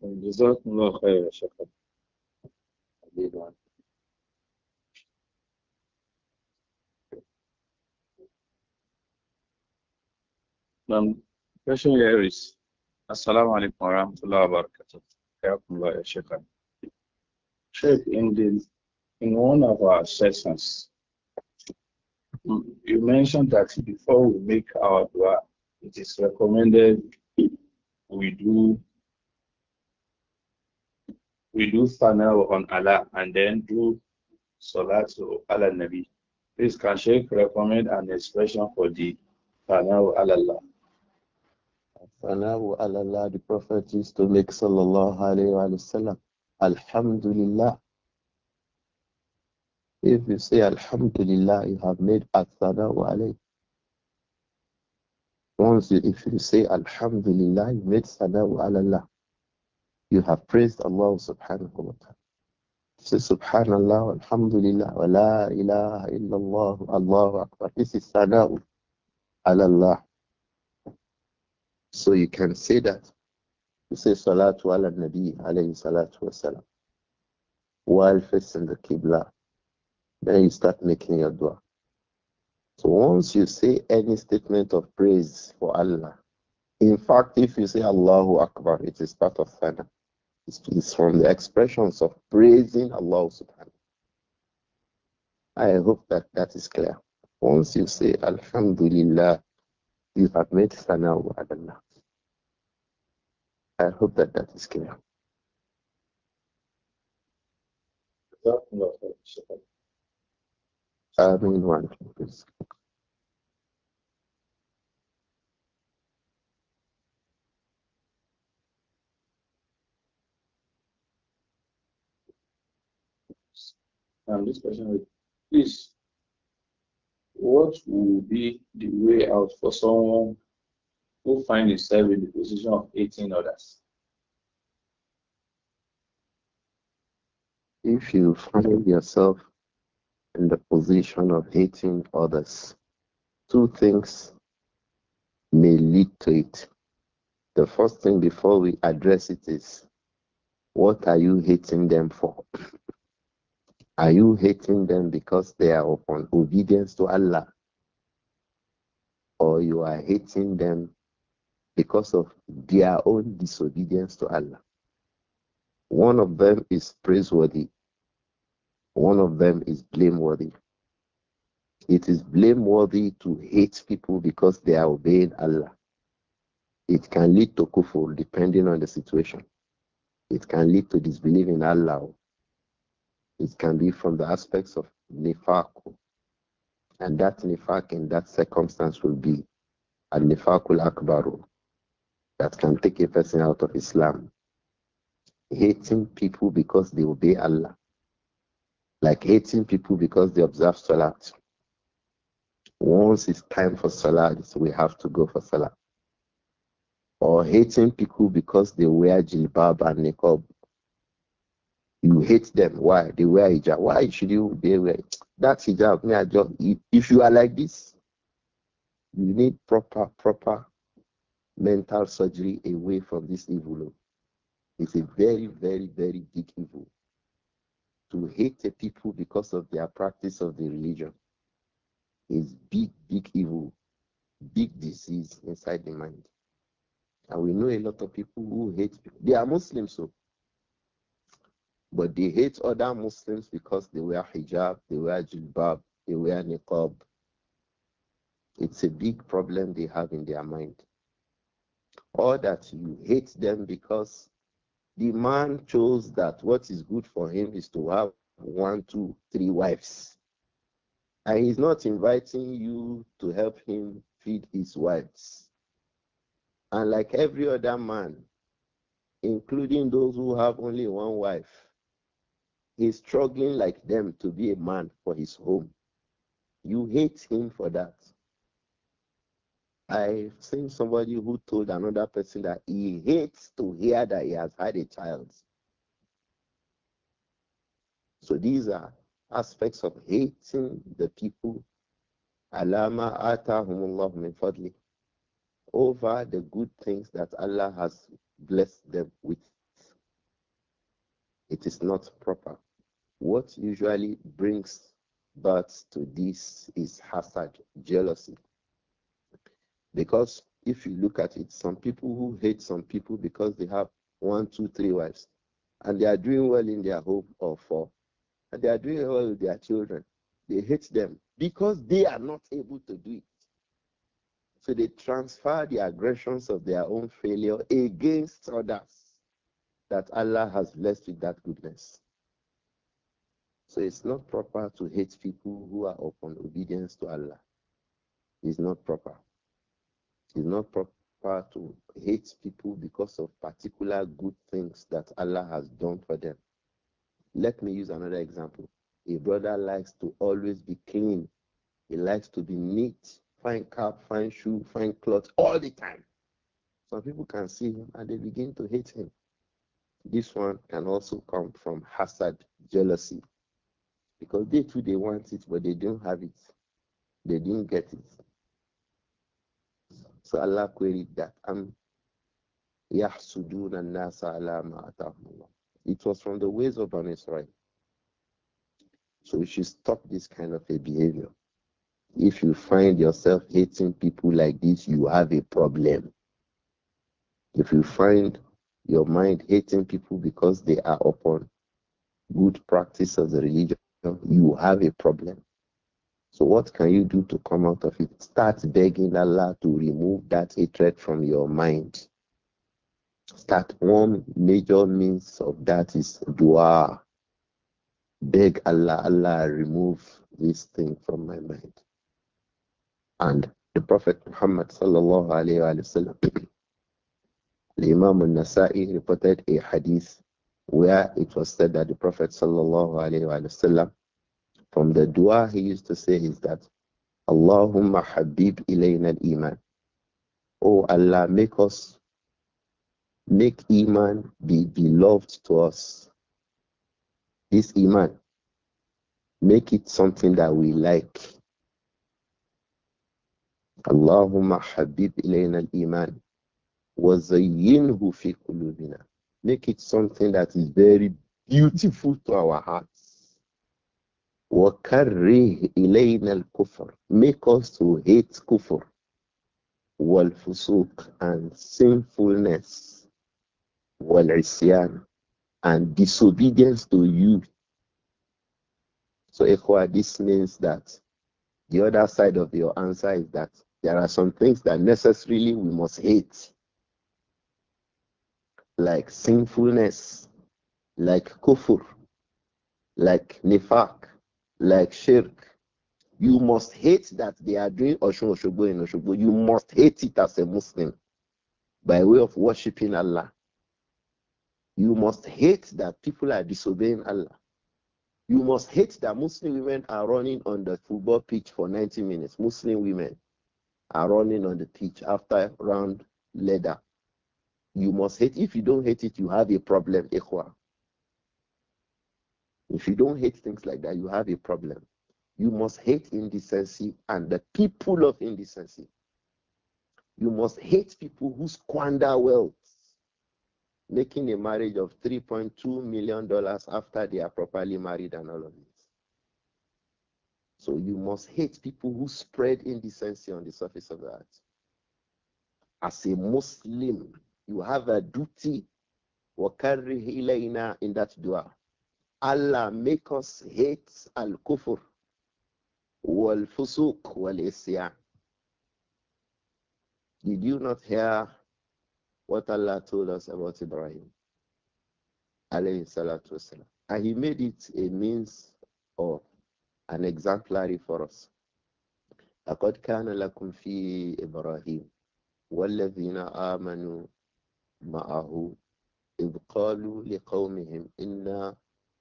جزاكم الله خير يا شيخ Um, question here is Assalamu alaikum wa rahmatullahi wa barakatuh. Sheikh, Sheikh, in, the, in one of our sessions, you mentioned that before we make our dua, it is recommended we do we do Thanaw on Allah and then do salat to Allah Nabi. Please, can Sheikh recommend an expression for the Thanaw ala Allah? Thanahu ala Allah, the Prophet used to make sallallahu alayhi wa sallam. Alhamdulillah. If you say Alhamdulillah, you have made Athanahu alayhi. Once you, if you say Alhamdulillah, you made Thanahu ala Allah. You have praised Allah subhanahu wa ta'ala. Say Subhanallah, Alhamdulillah, wa la ilaha illallah, Allahu Akbar. This is Thanahu ala Allah. So you can say that. You say Salatu ala Nabi alayhi salatu wasalam. While facing the Qibla. Then you start making your dua. So once you say any statement of praise for Allah, in fact, if you say Allahu Akbar, it is part of Fana. It's, it's from the expressions of praising Allah subhanahu. I hope that that is clear. Once you say Alhamdulillah, يُعَمِّرْ ثَنَاؤُهُ عَلَى اللَّهِ I hope that that is clear. آمين وأنتم Um, this question please what will be the way out for someone who finds himself in the position of 18 others? If you find yourself in the position of hating others, two things may lead to it. The first thing before we address it is what are you hating them for? Are you hating them because they are upon obedience to Allah? Or you are hating them because of their own disobedience to Allah? One of them is praiseworthy, one of them is blameworthy. It is blameworthy to hate people because they are obeying Allah. It can lead to kufr depending on the situation. It can lead to disbelief in Allah it can be from the aspects of nifaq. And that nifaq in that circumstance will be al nifaqul akbaru. That can take a person out of Islam. Hating people because they obey Allah. Like hating people because they observe Salat. Once it's time for Salat, so we have to go for Salat. Or hating people because they wear jilbab and niqab you hate them. Why? They wear hijab. Why should you? They wear that hijab. Me, I just, if you are like this, you need proper, proper mental surgery away from this evil. It's a very, very, very big evil to hate the people because of their practice of the religion is big, big evil, big disease inside the mind. And we know a lot of people who hate people. They are Muslims, so but they hate other Muslims because they wear hijab, they wear jilbab, they wear niqab. It's a big problem they have in their mind. Or that you hate them because the man chose that what is good for him is to have one, two, three wives. And he's not inviting you to help him feed his wives. And like every other man, including those who have only one wife, is struggling like them to be a man for his home. You hate him for that. I've seen somebody who told another person that he hates to hear that he has had a child. So these are aspects of hating the people. Alama atahumullah min fadli. Over the good things that Allah has blessed them with. It is not proper. What usually brings birth to this is hazard, jealousy. Because if you look at it, some people who hate some people because they have one, two, three wives, and they are doing well in their home or four, and they are doing well with their children, they hate them because they are not able to do it. So they transfer the aggressions of their own failure against others that Allah has blessed with that goodness. So it's not proper to hate people who are upon obedience to Allah. It's not proper. It's not proper to hate people because of particular good things that Allah has done for them. Let me use another example. A brother likes to always be clean. He likes to be neat, fine cap, fine shoe, fine clothes all the time. Some people can see him and they begin to hate him. This one can also come from hazard, jealousy, because they too, they want it, but they don't have it. They didn't get it. So Allah queried that. Um, it was from the ways of an Israel. So we should stop this kind of a behavior. If you find yourself hating people like this, you have a problem. If you find your mind hating people because they are upon good practice of the religion you have a problem. So, what can you do to come out of it? Start begging Allah to remove that hatred from your mind. Start one major means of that is dua. Beg Allah, Allah, remove this thing from my mind. And the Prophet Muhammad sallallahu alayhi wa sallam, Imam al-Nasa'i reported a hadith where it was said that the Prophet وسلم, from the dua he used to say is that Allahumma habib ilayna iman Oh Allah, make us, make iman be beloved to us. This iman, make it something that we like. Allahumma habib ilayna iman وزينه fi قلوبنا Make it something that is very beautiful to our hearts. وَكَرِّهْ al الْكُفْرِ Make us to hate kufr, والفسوق and sinfulness, والعصيان and disobedience to you. So, Ikhwa, this means that the other side of your answer is that there are some things that necessarily we must hate like sinfulness, like kufr, like nifaq, like shirk. You must hate that they are doing Oshun Oshogbo in Oshogbo. You must hate it as a Muslim by way of worshipping Allah. You must hate that people are disobeying Allah. You must hate that Muslim women are running on the football pitch for 90 minutes. Muslim women are running on the pitch after round leather you must hate. If you don't hate it, you have a problem, ikhwa. If you don't hate things like that, you have a problem. You must hate indecency and the people of indecency. You must hate people who squander wealth, making a marriage of $3.2 million after they are properly married and all of this. So you must hate people who spread indecency on the surface of the earth. As a Muslim, you have a duty. carry إِلَيْنَا in that dua. Allah make us hate al-kufr wal-fusuq wal-isyan. Did you not hear what Allah told us about Ibrahim? Alayhi salatu wasalam. And he made it a means or an exemplary for us. لقد كان لكم في إبراهيم والذين آمنوا معه إذ قالوا لقومهم إنا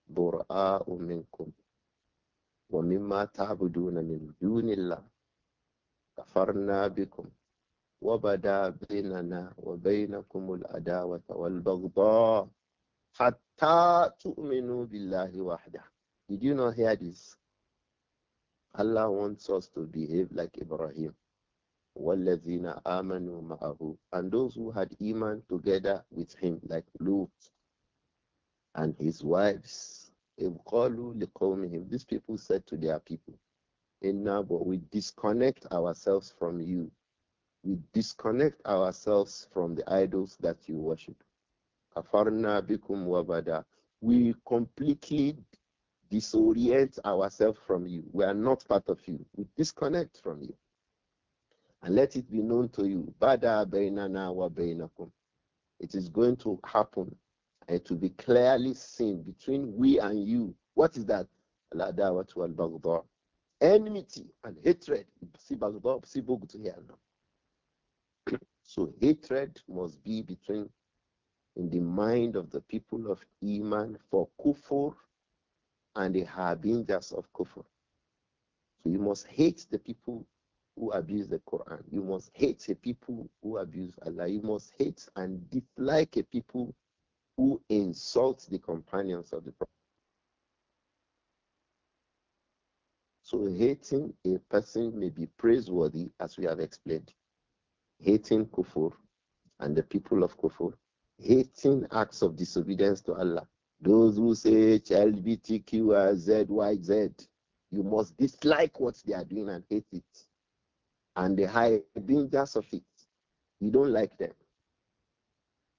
براء منكم ومما تعبدون من دون الله كفرنا بكم وبدا بيننا وبينكم العداوة والبغضاء حتى تؤمنوا بالله وحده Did you not hear this? Allah wants us to behave like Ibrahim وَالَّذِينَ آمَنُوا مَعَهُ And those who had Iman together with him, like Lut and his wives. These people said to their people, Inna, but we disconnect ourselves from you. We disconnect ourselves from the idols that you worship. Kafarna bikum wabada. We completely disorient ourselves from you. We are not part of you. We disconnect from you. And let it be known to you. Bada wa It is going to happen. It will be clearly seen between we and you. What is that? Enmity and hatred. So hatred must be between in the mind of the people of Iman for kufur and the harbingers of kufur. So you must hate the people who abuse the Quran. You must hate a people who abuse Allah. You must hate and dislike a people who insult the companions of the Prophet. So hating a person may be praiseworthy, as we have explained. Hating kufur and the people of kufur, hating acts of disobedience to Allah. Those who say LGBTQ, Z, Y, Z, you must dislike what they are doing and hate it and the high dangers of it. you don't like them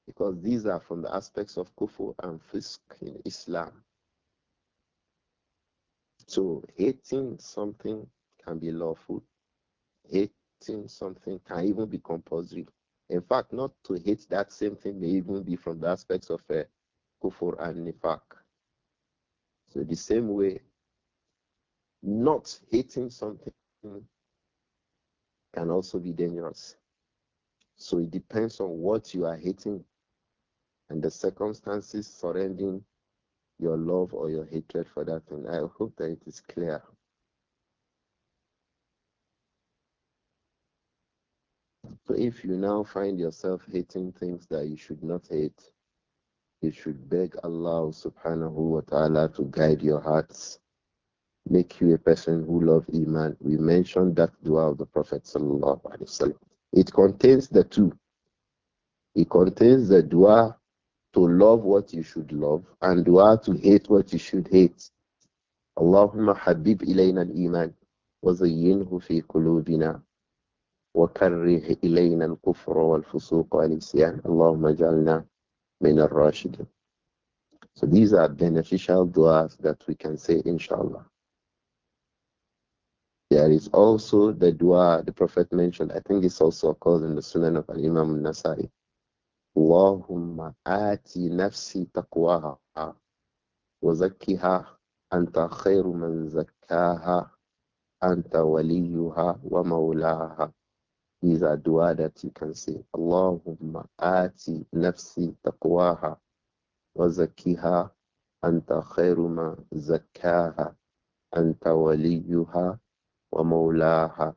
because these are from the aspects of kufr and fisk in Islam. So hating something can be lawful. Hating something can even be compulsory. In fact, not to hate that same thing may even be from the aspects of uh, kufr and nifak. So the same way, not hating something can also be dangerous. So it depends on what you are hating and the circumstances surrounding your love or your hatred for that thing. I hope that it is clear. So if you now find yourself hating things that you should not hate, you should beg Allah subhanahu wa ta'ala to guide your hearts make you a person who loves Iman. We mentioned that dua of the Prophet. It contains the two. It contains the dua to love what you should love and dua to hate what you should hate. Allahumma habib ilayna al-iman wa zayyinhu fi qulubina wa karrih ilayna al-kufra wal-fusuq wal-isyan. Allahumma jalna min al-rashidin. So these are beneficial du'as that we can say inshallah. There is also the dua the Prophet mentioned. I think this also occurs in the Sunan of Al Imam Nasai. Allahumma ati nafsi taqwaha wa zakkiha anta khairu man zakkaha anta waliyuha wa maulaha. These are dua that you can say. Allahumma ati nafsi taqwaha wa zakkiha anta khairu man zakkaha anta waliyuha wa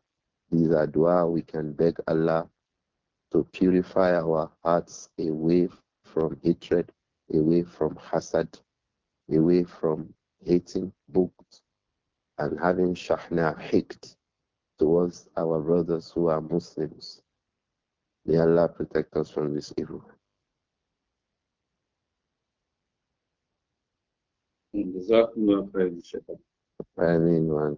These are dua we can beg Allah to purify our hearts away from hatred, away from hasad, away from hating books and having shahna hikt towards our brothers who are Muslims. May Allah protect us from this evil. I mean, one,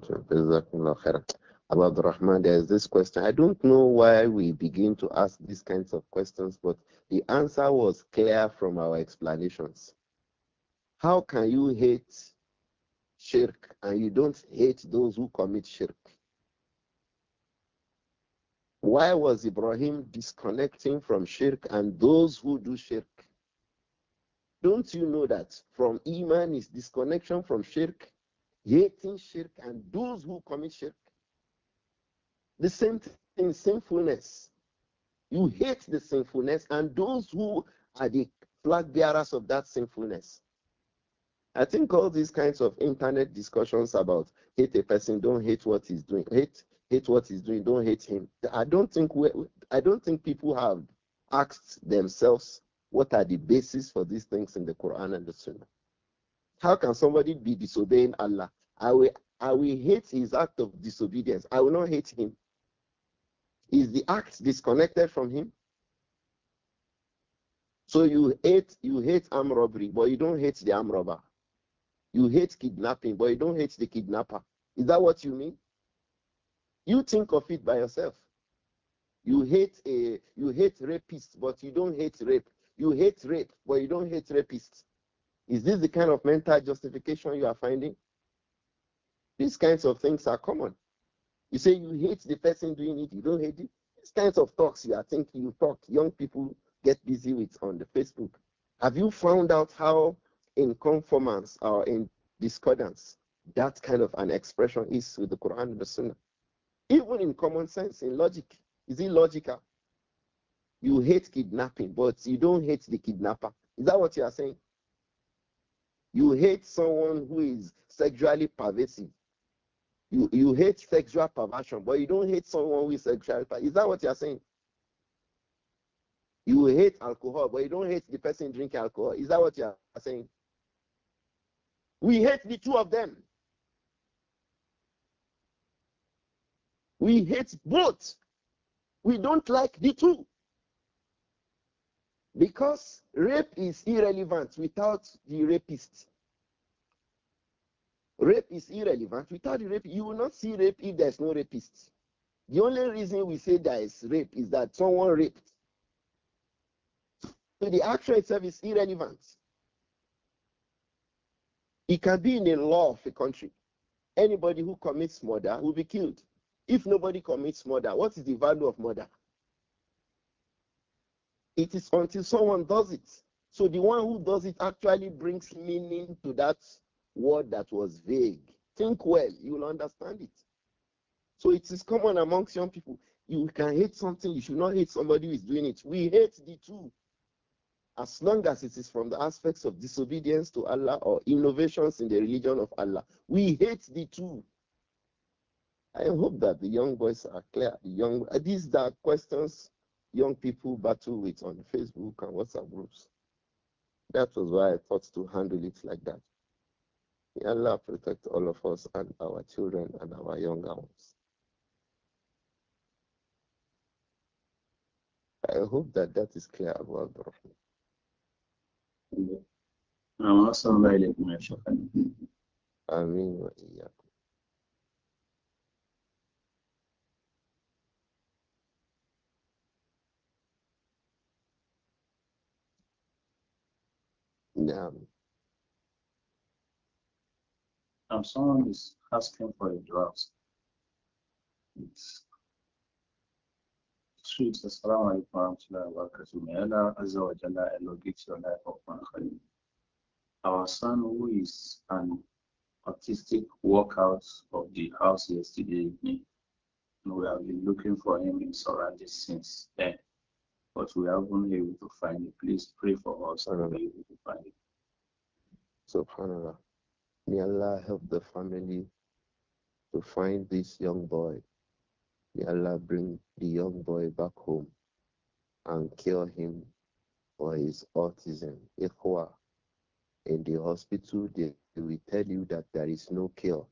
about Rahman, there is this question. I don't know why we begin to ask these kinds of questions, but the answer was clear from our explanations. How can you hate shirk and you don't hate those who commit shirk? Why was Ibrahim disconnecting from shirk and those who do shirk? Don't you know that from Iman is disconnection from shirk? hating shirk and those who commit shirk. The same thing, sinfulness. You hate the sinfulness and those who are the flag bearers of that sinfulness. I think all these kinds of internet discussions about hate a person, don't hate what he's doing, hate hate what he's doing, don't hate him. I don't think I don't think people have asked themselves what are the basis for these things in the Quran and the Sunnah. How can somebody be disobeying Allah? I will, I will hate his act of disobedience. I will not hate him. Is the act disconnected from him? So you hate you hate arm robbery, but you don't hate the arm robber. You hate kidnapping, but you don't hate the kidnapper. Is that what you mean? You think of it by yourself. You hate a you hate rapists, but you don't hate rape. You hate rape, but you don't hate rapists. Is this the kind of mental justification you are finding? These kinds of things are common. You say you hate the person doing it, you don't hate it. These kinds of talks you are thinking, you talk, young people get busy with on the Facebook. Have you found out how in conformance or in discordance that kind of an expression is with the Quran and the Sunnah? Even in common sense, in logic, is it logical? You hate kidnapping, but you don't hate the kidnapper. Is that what you are saying? You hate someone who is sexually pervasive. You, you hate sexual perversion, but you don't hate someone who is sexually pervasive. Is that what you're saying? You hate alcohol, but you don't hate the person drinking alcohol. Is that what you're saying? We hate the two of them. We hate both. We don't like the two. Because rape is irrelevant without the rapist. Rape is irrelevant without the rape. You will not see rape if there's no rapist. The only reason we say there is rape is that someone raped. So the action itself is irrelevant. It can be in the law of a country. Anybody who commits murder will be killed. If nobody commits murder, what is the value of murder? It is until someone does it. So the one who does it actually brings meaning to that word that was vague. Think well, you will understand it. So it is common amongst young people. You can hate something, you should not hate somebody who is doing it. We hate the two. As long as it is from the aspects of disobedience to Allah or innovations in the religion of Allah, we hate the two. I hope that the young boys are clear. The young these are questions young people battle with on Facebook and WhatsApp groups. That was why I thought to handle it like that. May Allah protect all of us and our children and our younger ones. I hope that that is clear about the Rahman. I mean, yeah. Naam. Now, someone is asking for a draft. It's treat Assalamu alaikum wa rahmatullahi wa barakatuh. May Allah Azza wa Jalla elongate your life Our son, who is an autistic walkout of the house yesterday evening, we have been looking for him in surroundings since then but we haven't been able to find it. Please pray for us and be able to find it. SubhanAllah. May Allah help the family to find this young boy. May Allah bring the young boy back home and cure him for his autism. Ikhwa, in the hospital, they will tell you that there is no cure.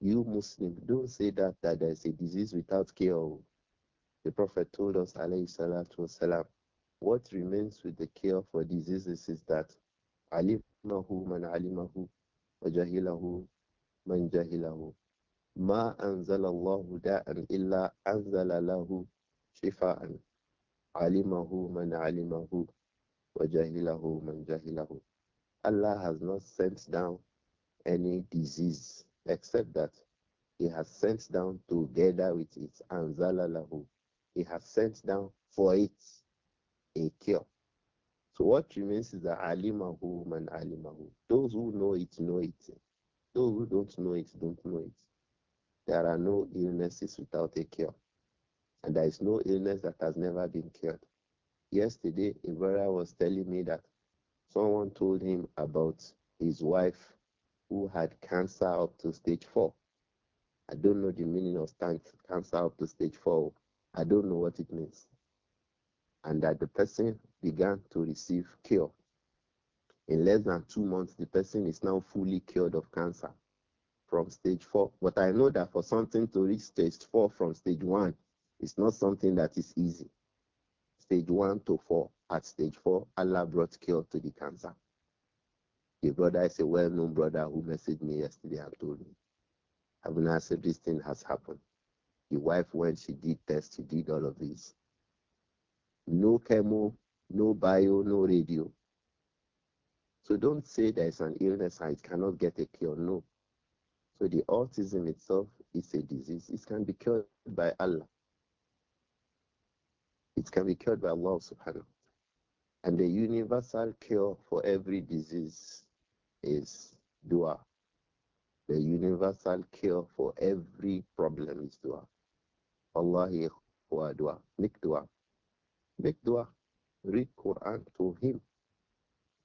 You Muslim, don't say that, that there is a disease without cure. Oh. The Prophet told us, والسلام, what remains with the cure for diseases is that alimahu man alimahu wa jahilahu man jahilahu. ما أنزل الله داء إلا أنزل له شفاء alimahu man alimahu wa jahilahu man jahilahu. Allah has not sent down any disease except that He has sent down together with its anzalalahu he has sent down for it a cure. So what remains is the alimahu and alimahu. Those who know it know it. Those who don't know it don't know it. There are no illnesses without a cure, and there is no illness that has never been cured. Yesterday, a was telling me that someone told him about his wife who had cancer up to stage four. I don't know the meaning of cancer up to stage four. I don't know what it means. And that the person began to receive cure. In less than two months, the person is now fully cured of cancer from stage four. But I know that for something to reach stage four from stage one, it's not something that is easy. Stage one to four, at stage four, Allah brought cure to the cancer. The brother is a well known brother who messaged me yesterday and told me, Abuna said, This thing has happened. The wife went, she did tests, she did all of this. No chemo, no bio, no radio. So don't say there's an illness and it cannot get a cure. No. So the autism itself is a disease. It can be cured by Allah. It can be cured by Allah subhanahu. And the universal cure for every disease is dua. The universal cure for every problem is dua. Allahi wa dua. Make dua. Make dua. Read Quran to him.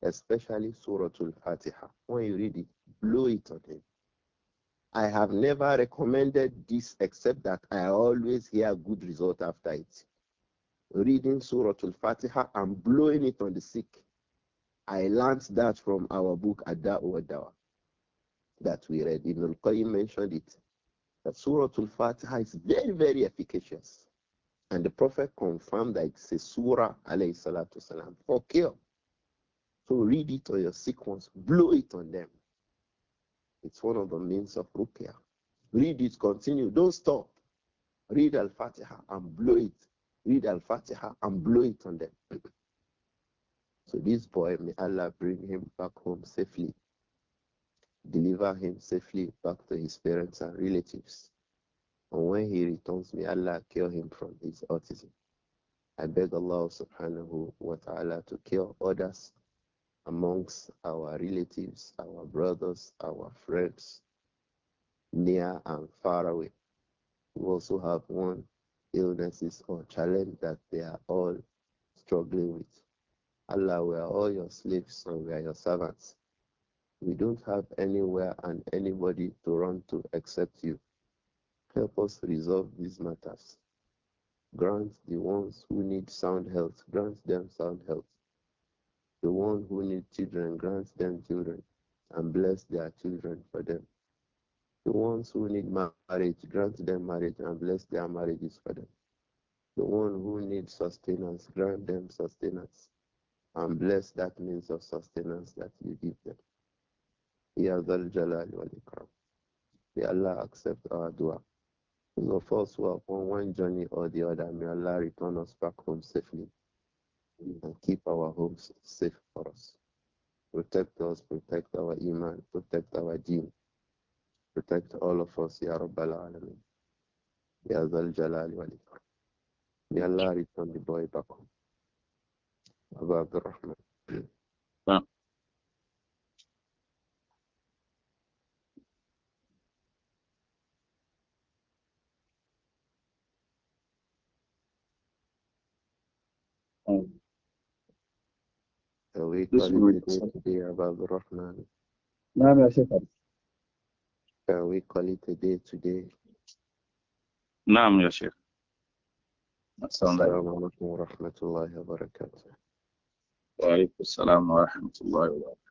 Especially Suratul Fatiha. When you read it, blow it on him. I have never recommended this except that I always hear good result after it. Reading Suratul Fatiha and blowing it on the sick. I learned that from our book Ada'u Dawa that we read. Ibn al-Qayyim mentioned it that Surah Al-Fatiha is very, very efficacious. And the Prophet confirmed that it's a surah, alayhi salatu salam, for cure. So read it on your sequence, blow it on them. It's one of the means of ruqya. Read it, continue, don't stop. Read Al-Fatiha and blow it. Read Al-Fatiha and blow it on them. so this boy, may Allah bring him back home safely deliver him safely back to his parents and relatives. And when he returns, may Allah cure him from his autism. I beg Allah subhanahu wa ta'ala to cure others amongst our relatives, our brothers, our friends, near and far away, who also have one illnesses or challenge that they are all struggling with. Allah, we are all your slaves and we are your servants. We don't have anywhere and anybody to run to except you. Help us resolve these matters. Grant the ones who need sound health, grant them sound health. The ones who need children, grant them children and bless their children for them. The ones who need marriage, grant them marriage and bless their marriages for them. The one who needs sustenance, grant them sustenance and bless that means of sustenance that you give them. Ya Zal Jalal wal Ikram. May Allah accept our dua. Those of us who are on one journey or the other, may Allah return us back home safely and keep our homes safe for us. Protect us, protect our iman, protect our deen, protect all of us, Ya Rabbal Alameen. Ya Zal Jalal wal Ikram. May Allah return the boy back home. Abu Abdurrahman. Wow. we call it a day today? Naam, ya Sheikh. Assalamu alaikum wa rahmatullahi wa barakatuh. Wa alaikum assalam wa rahmatullahi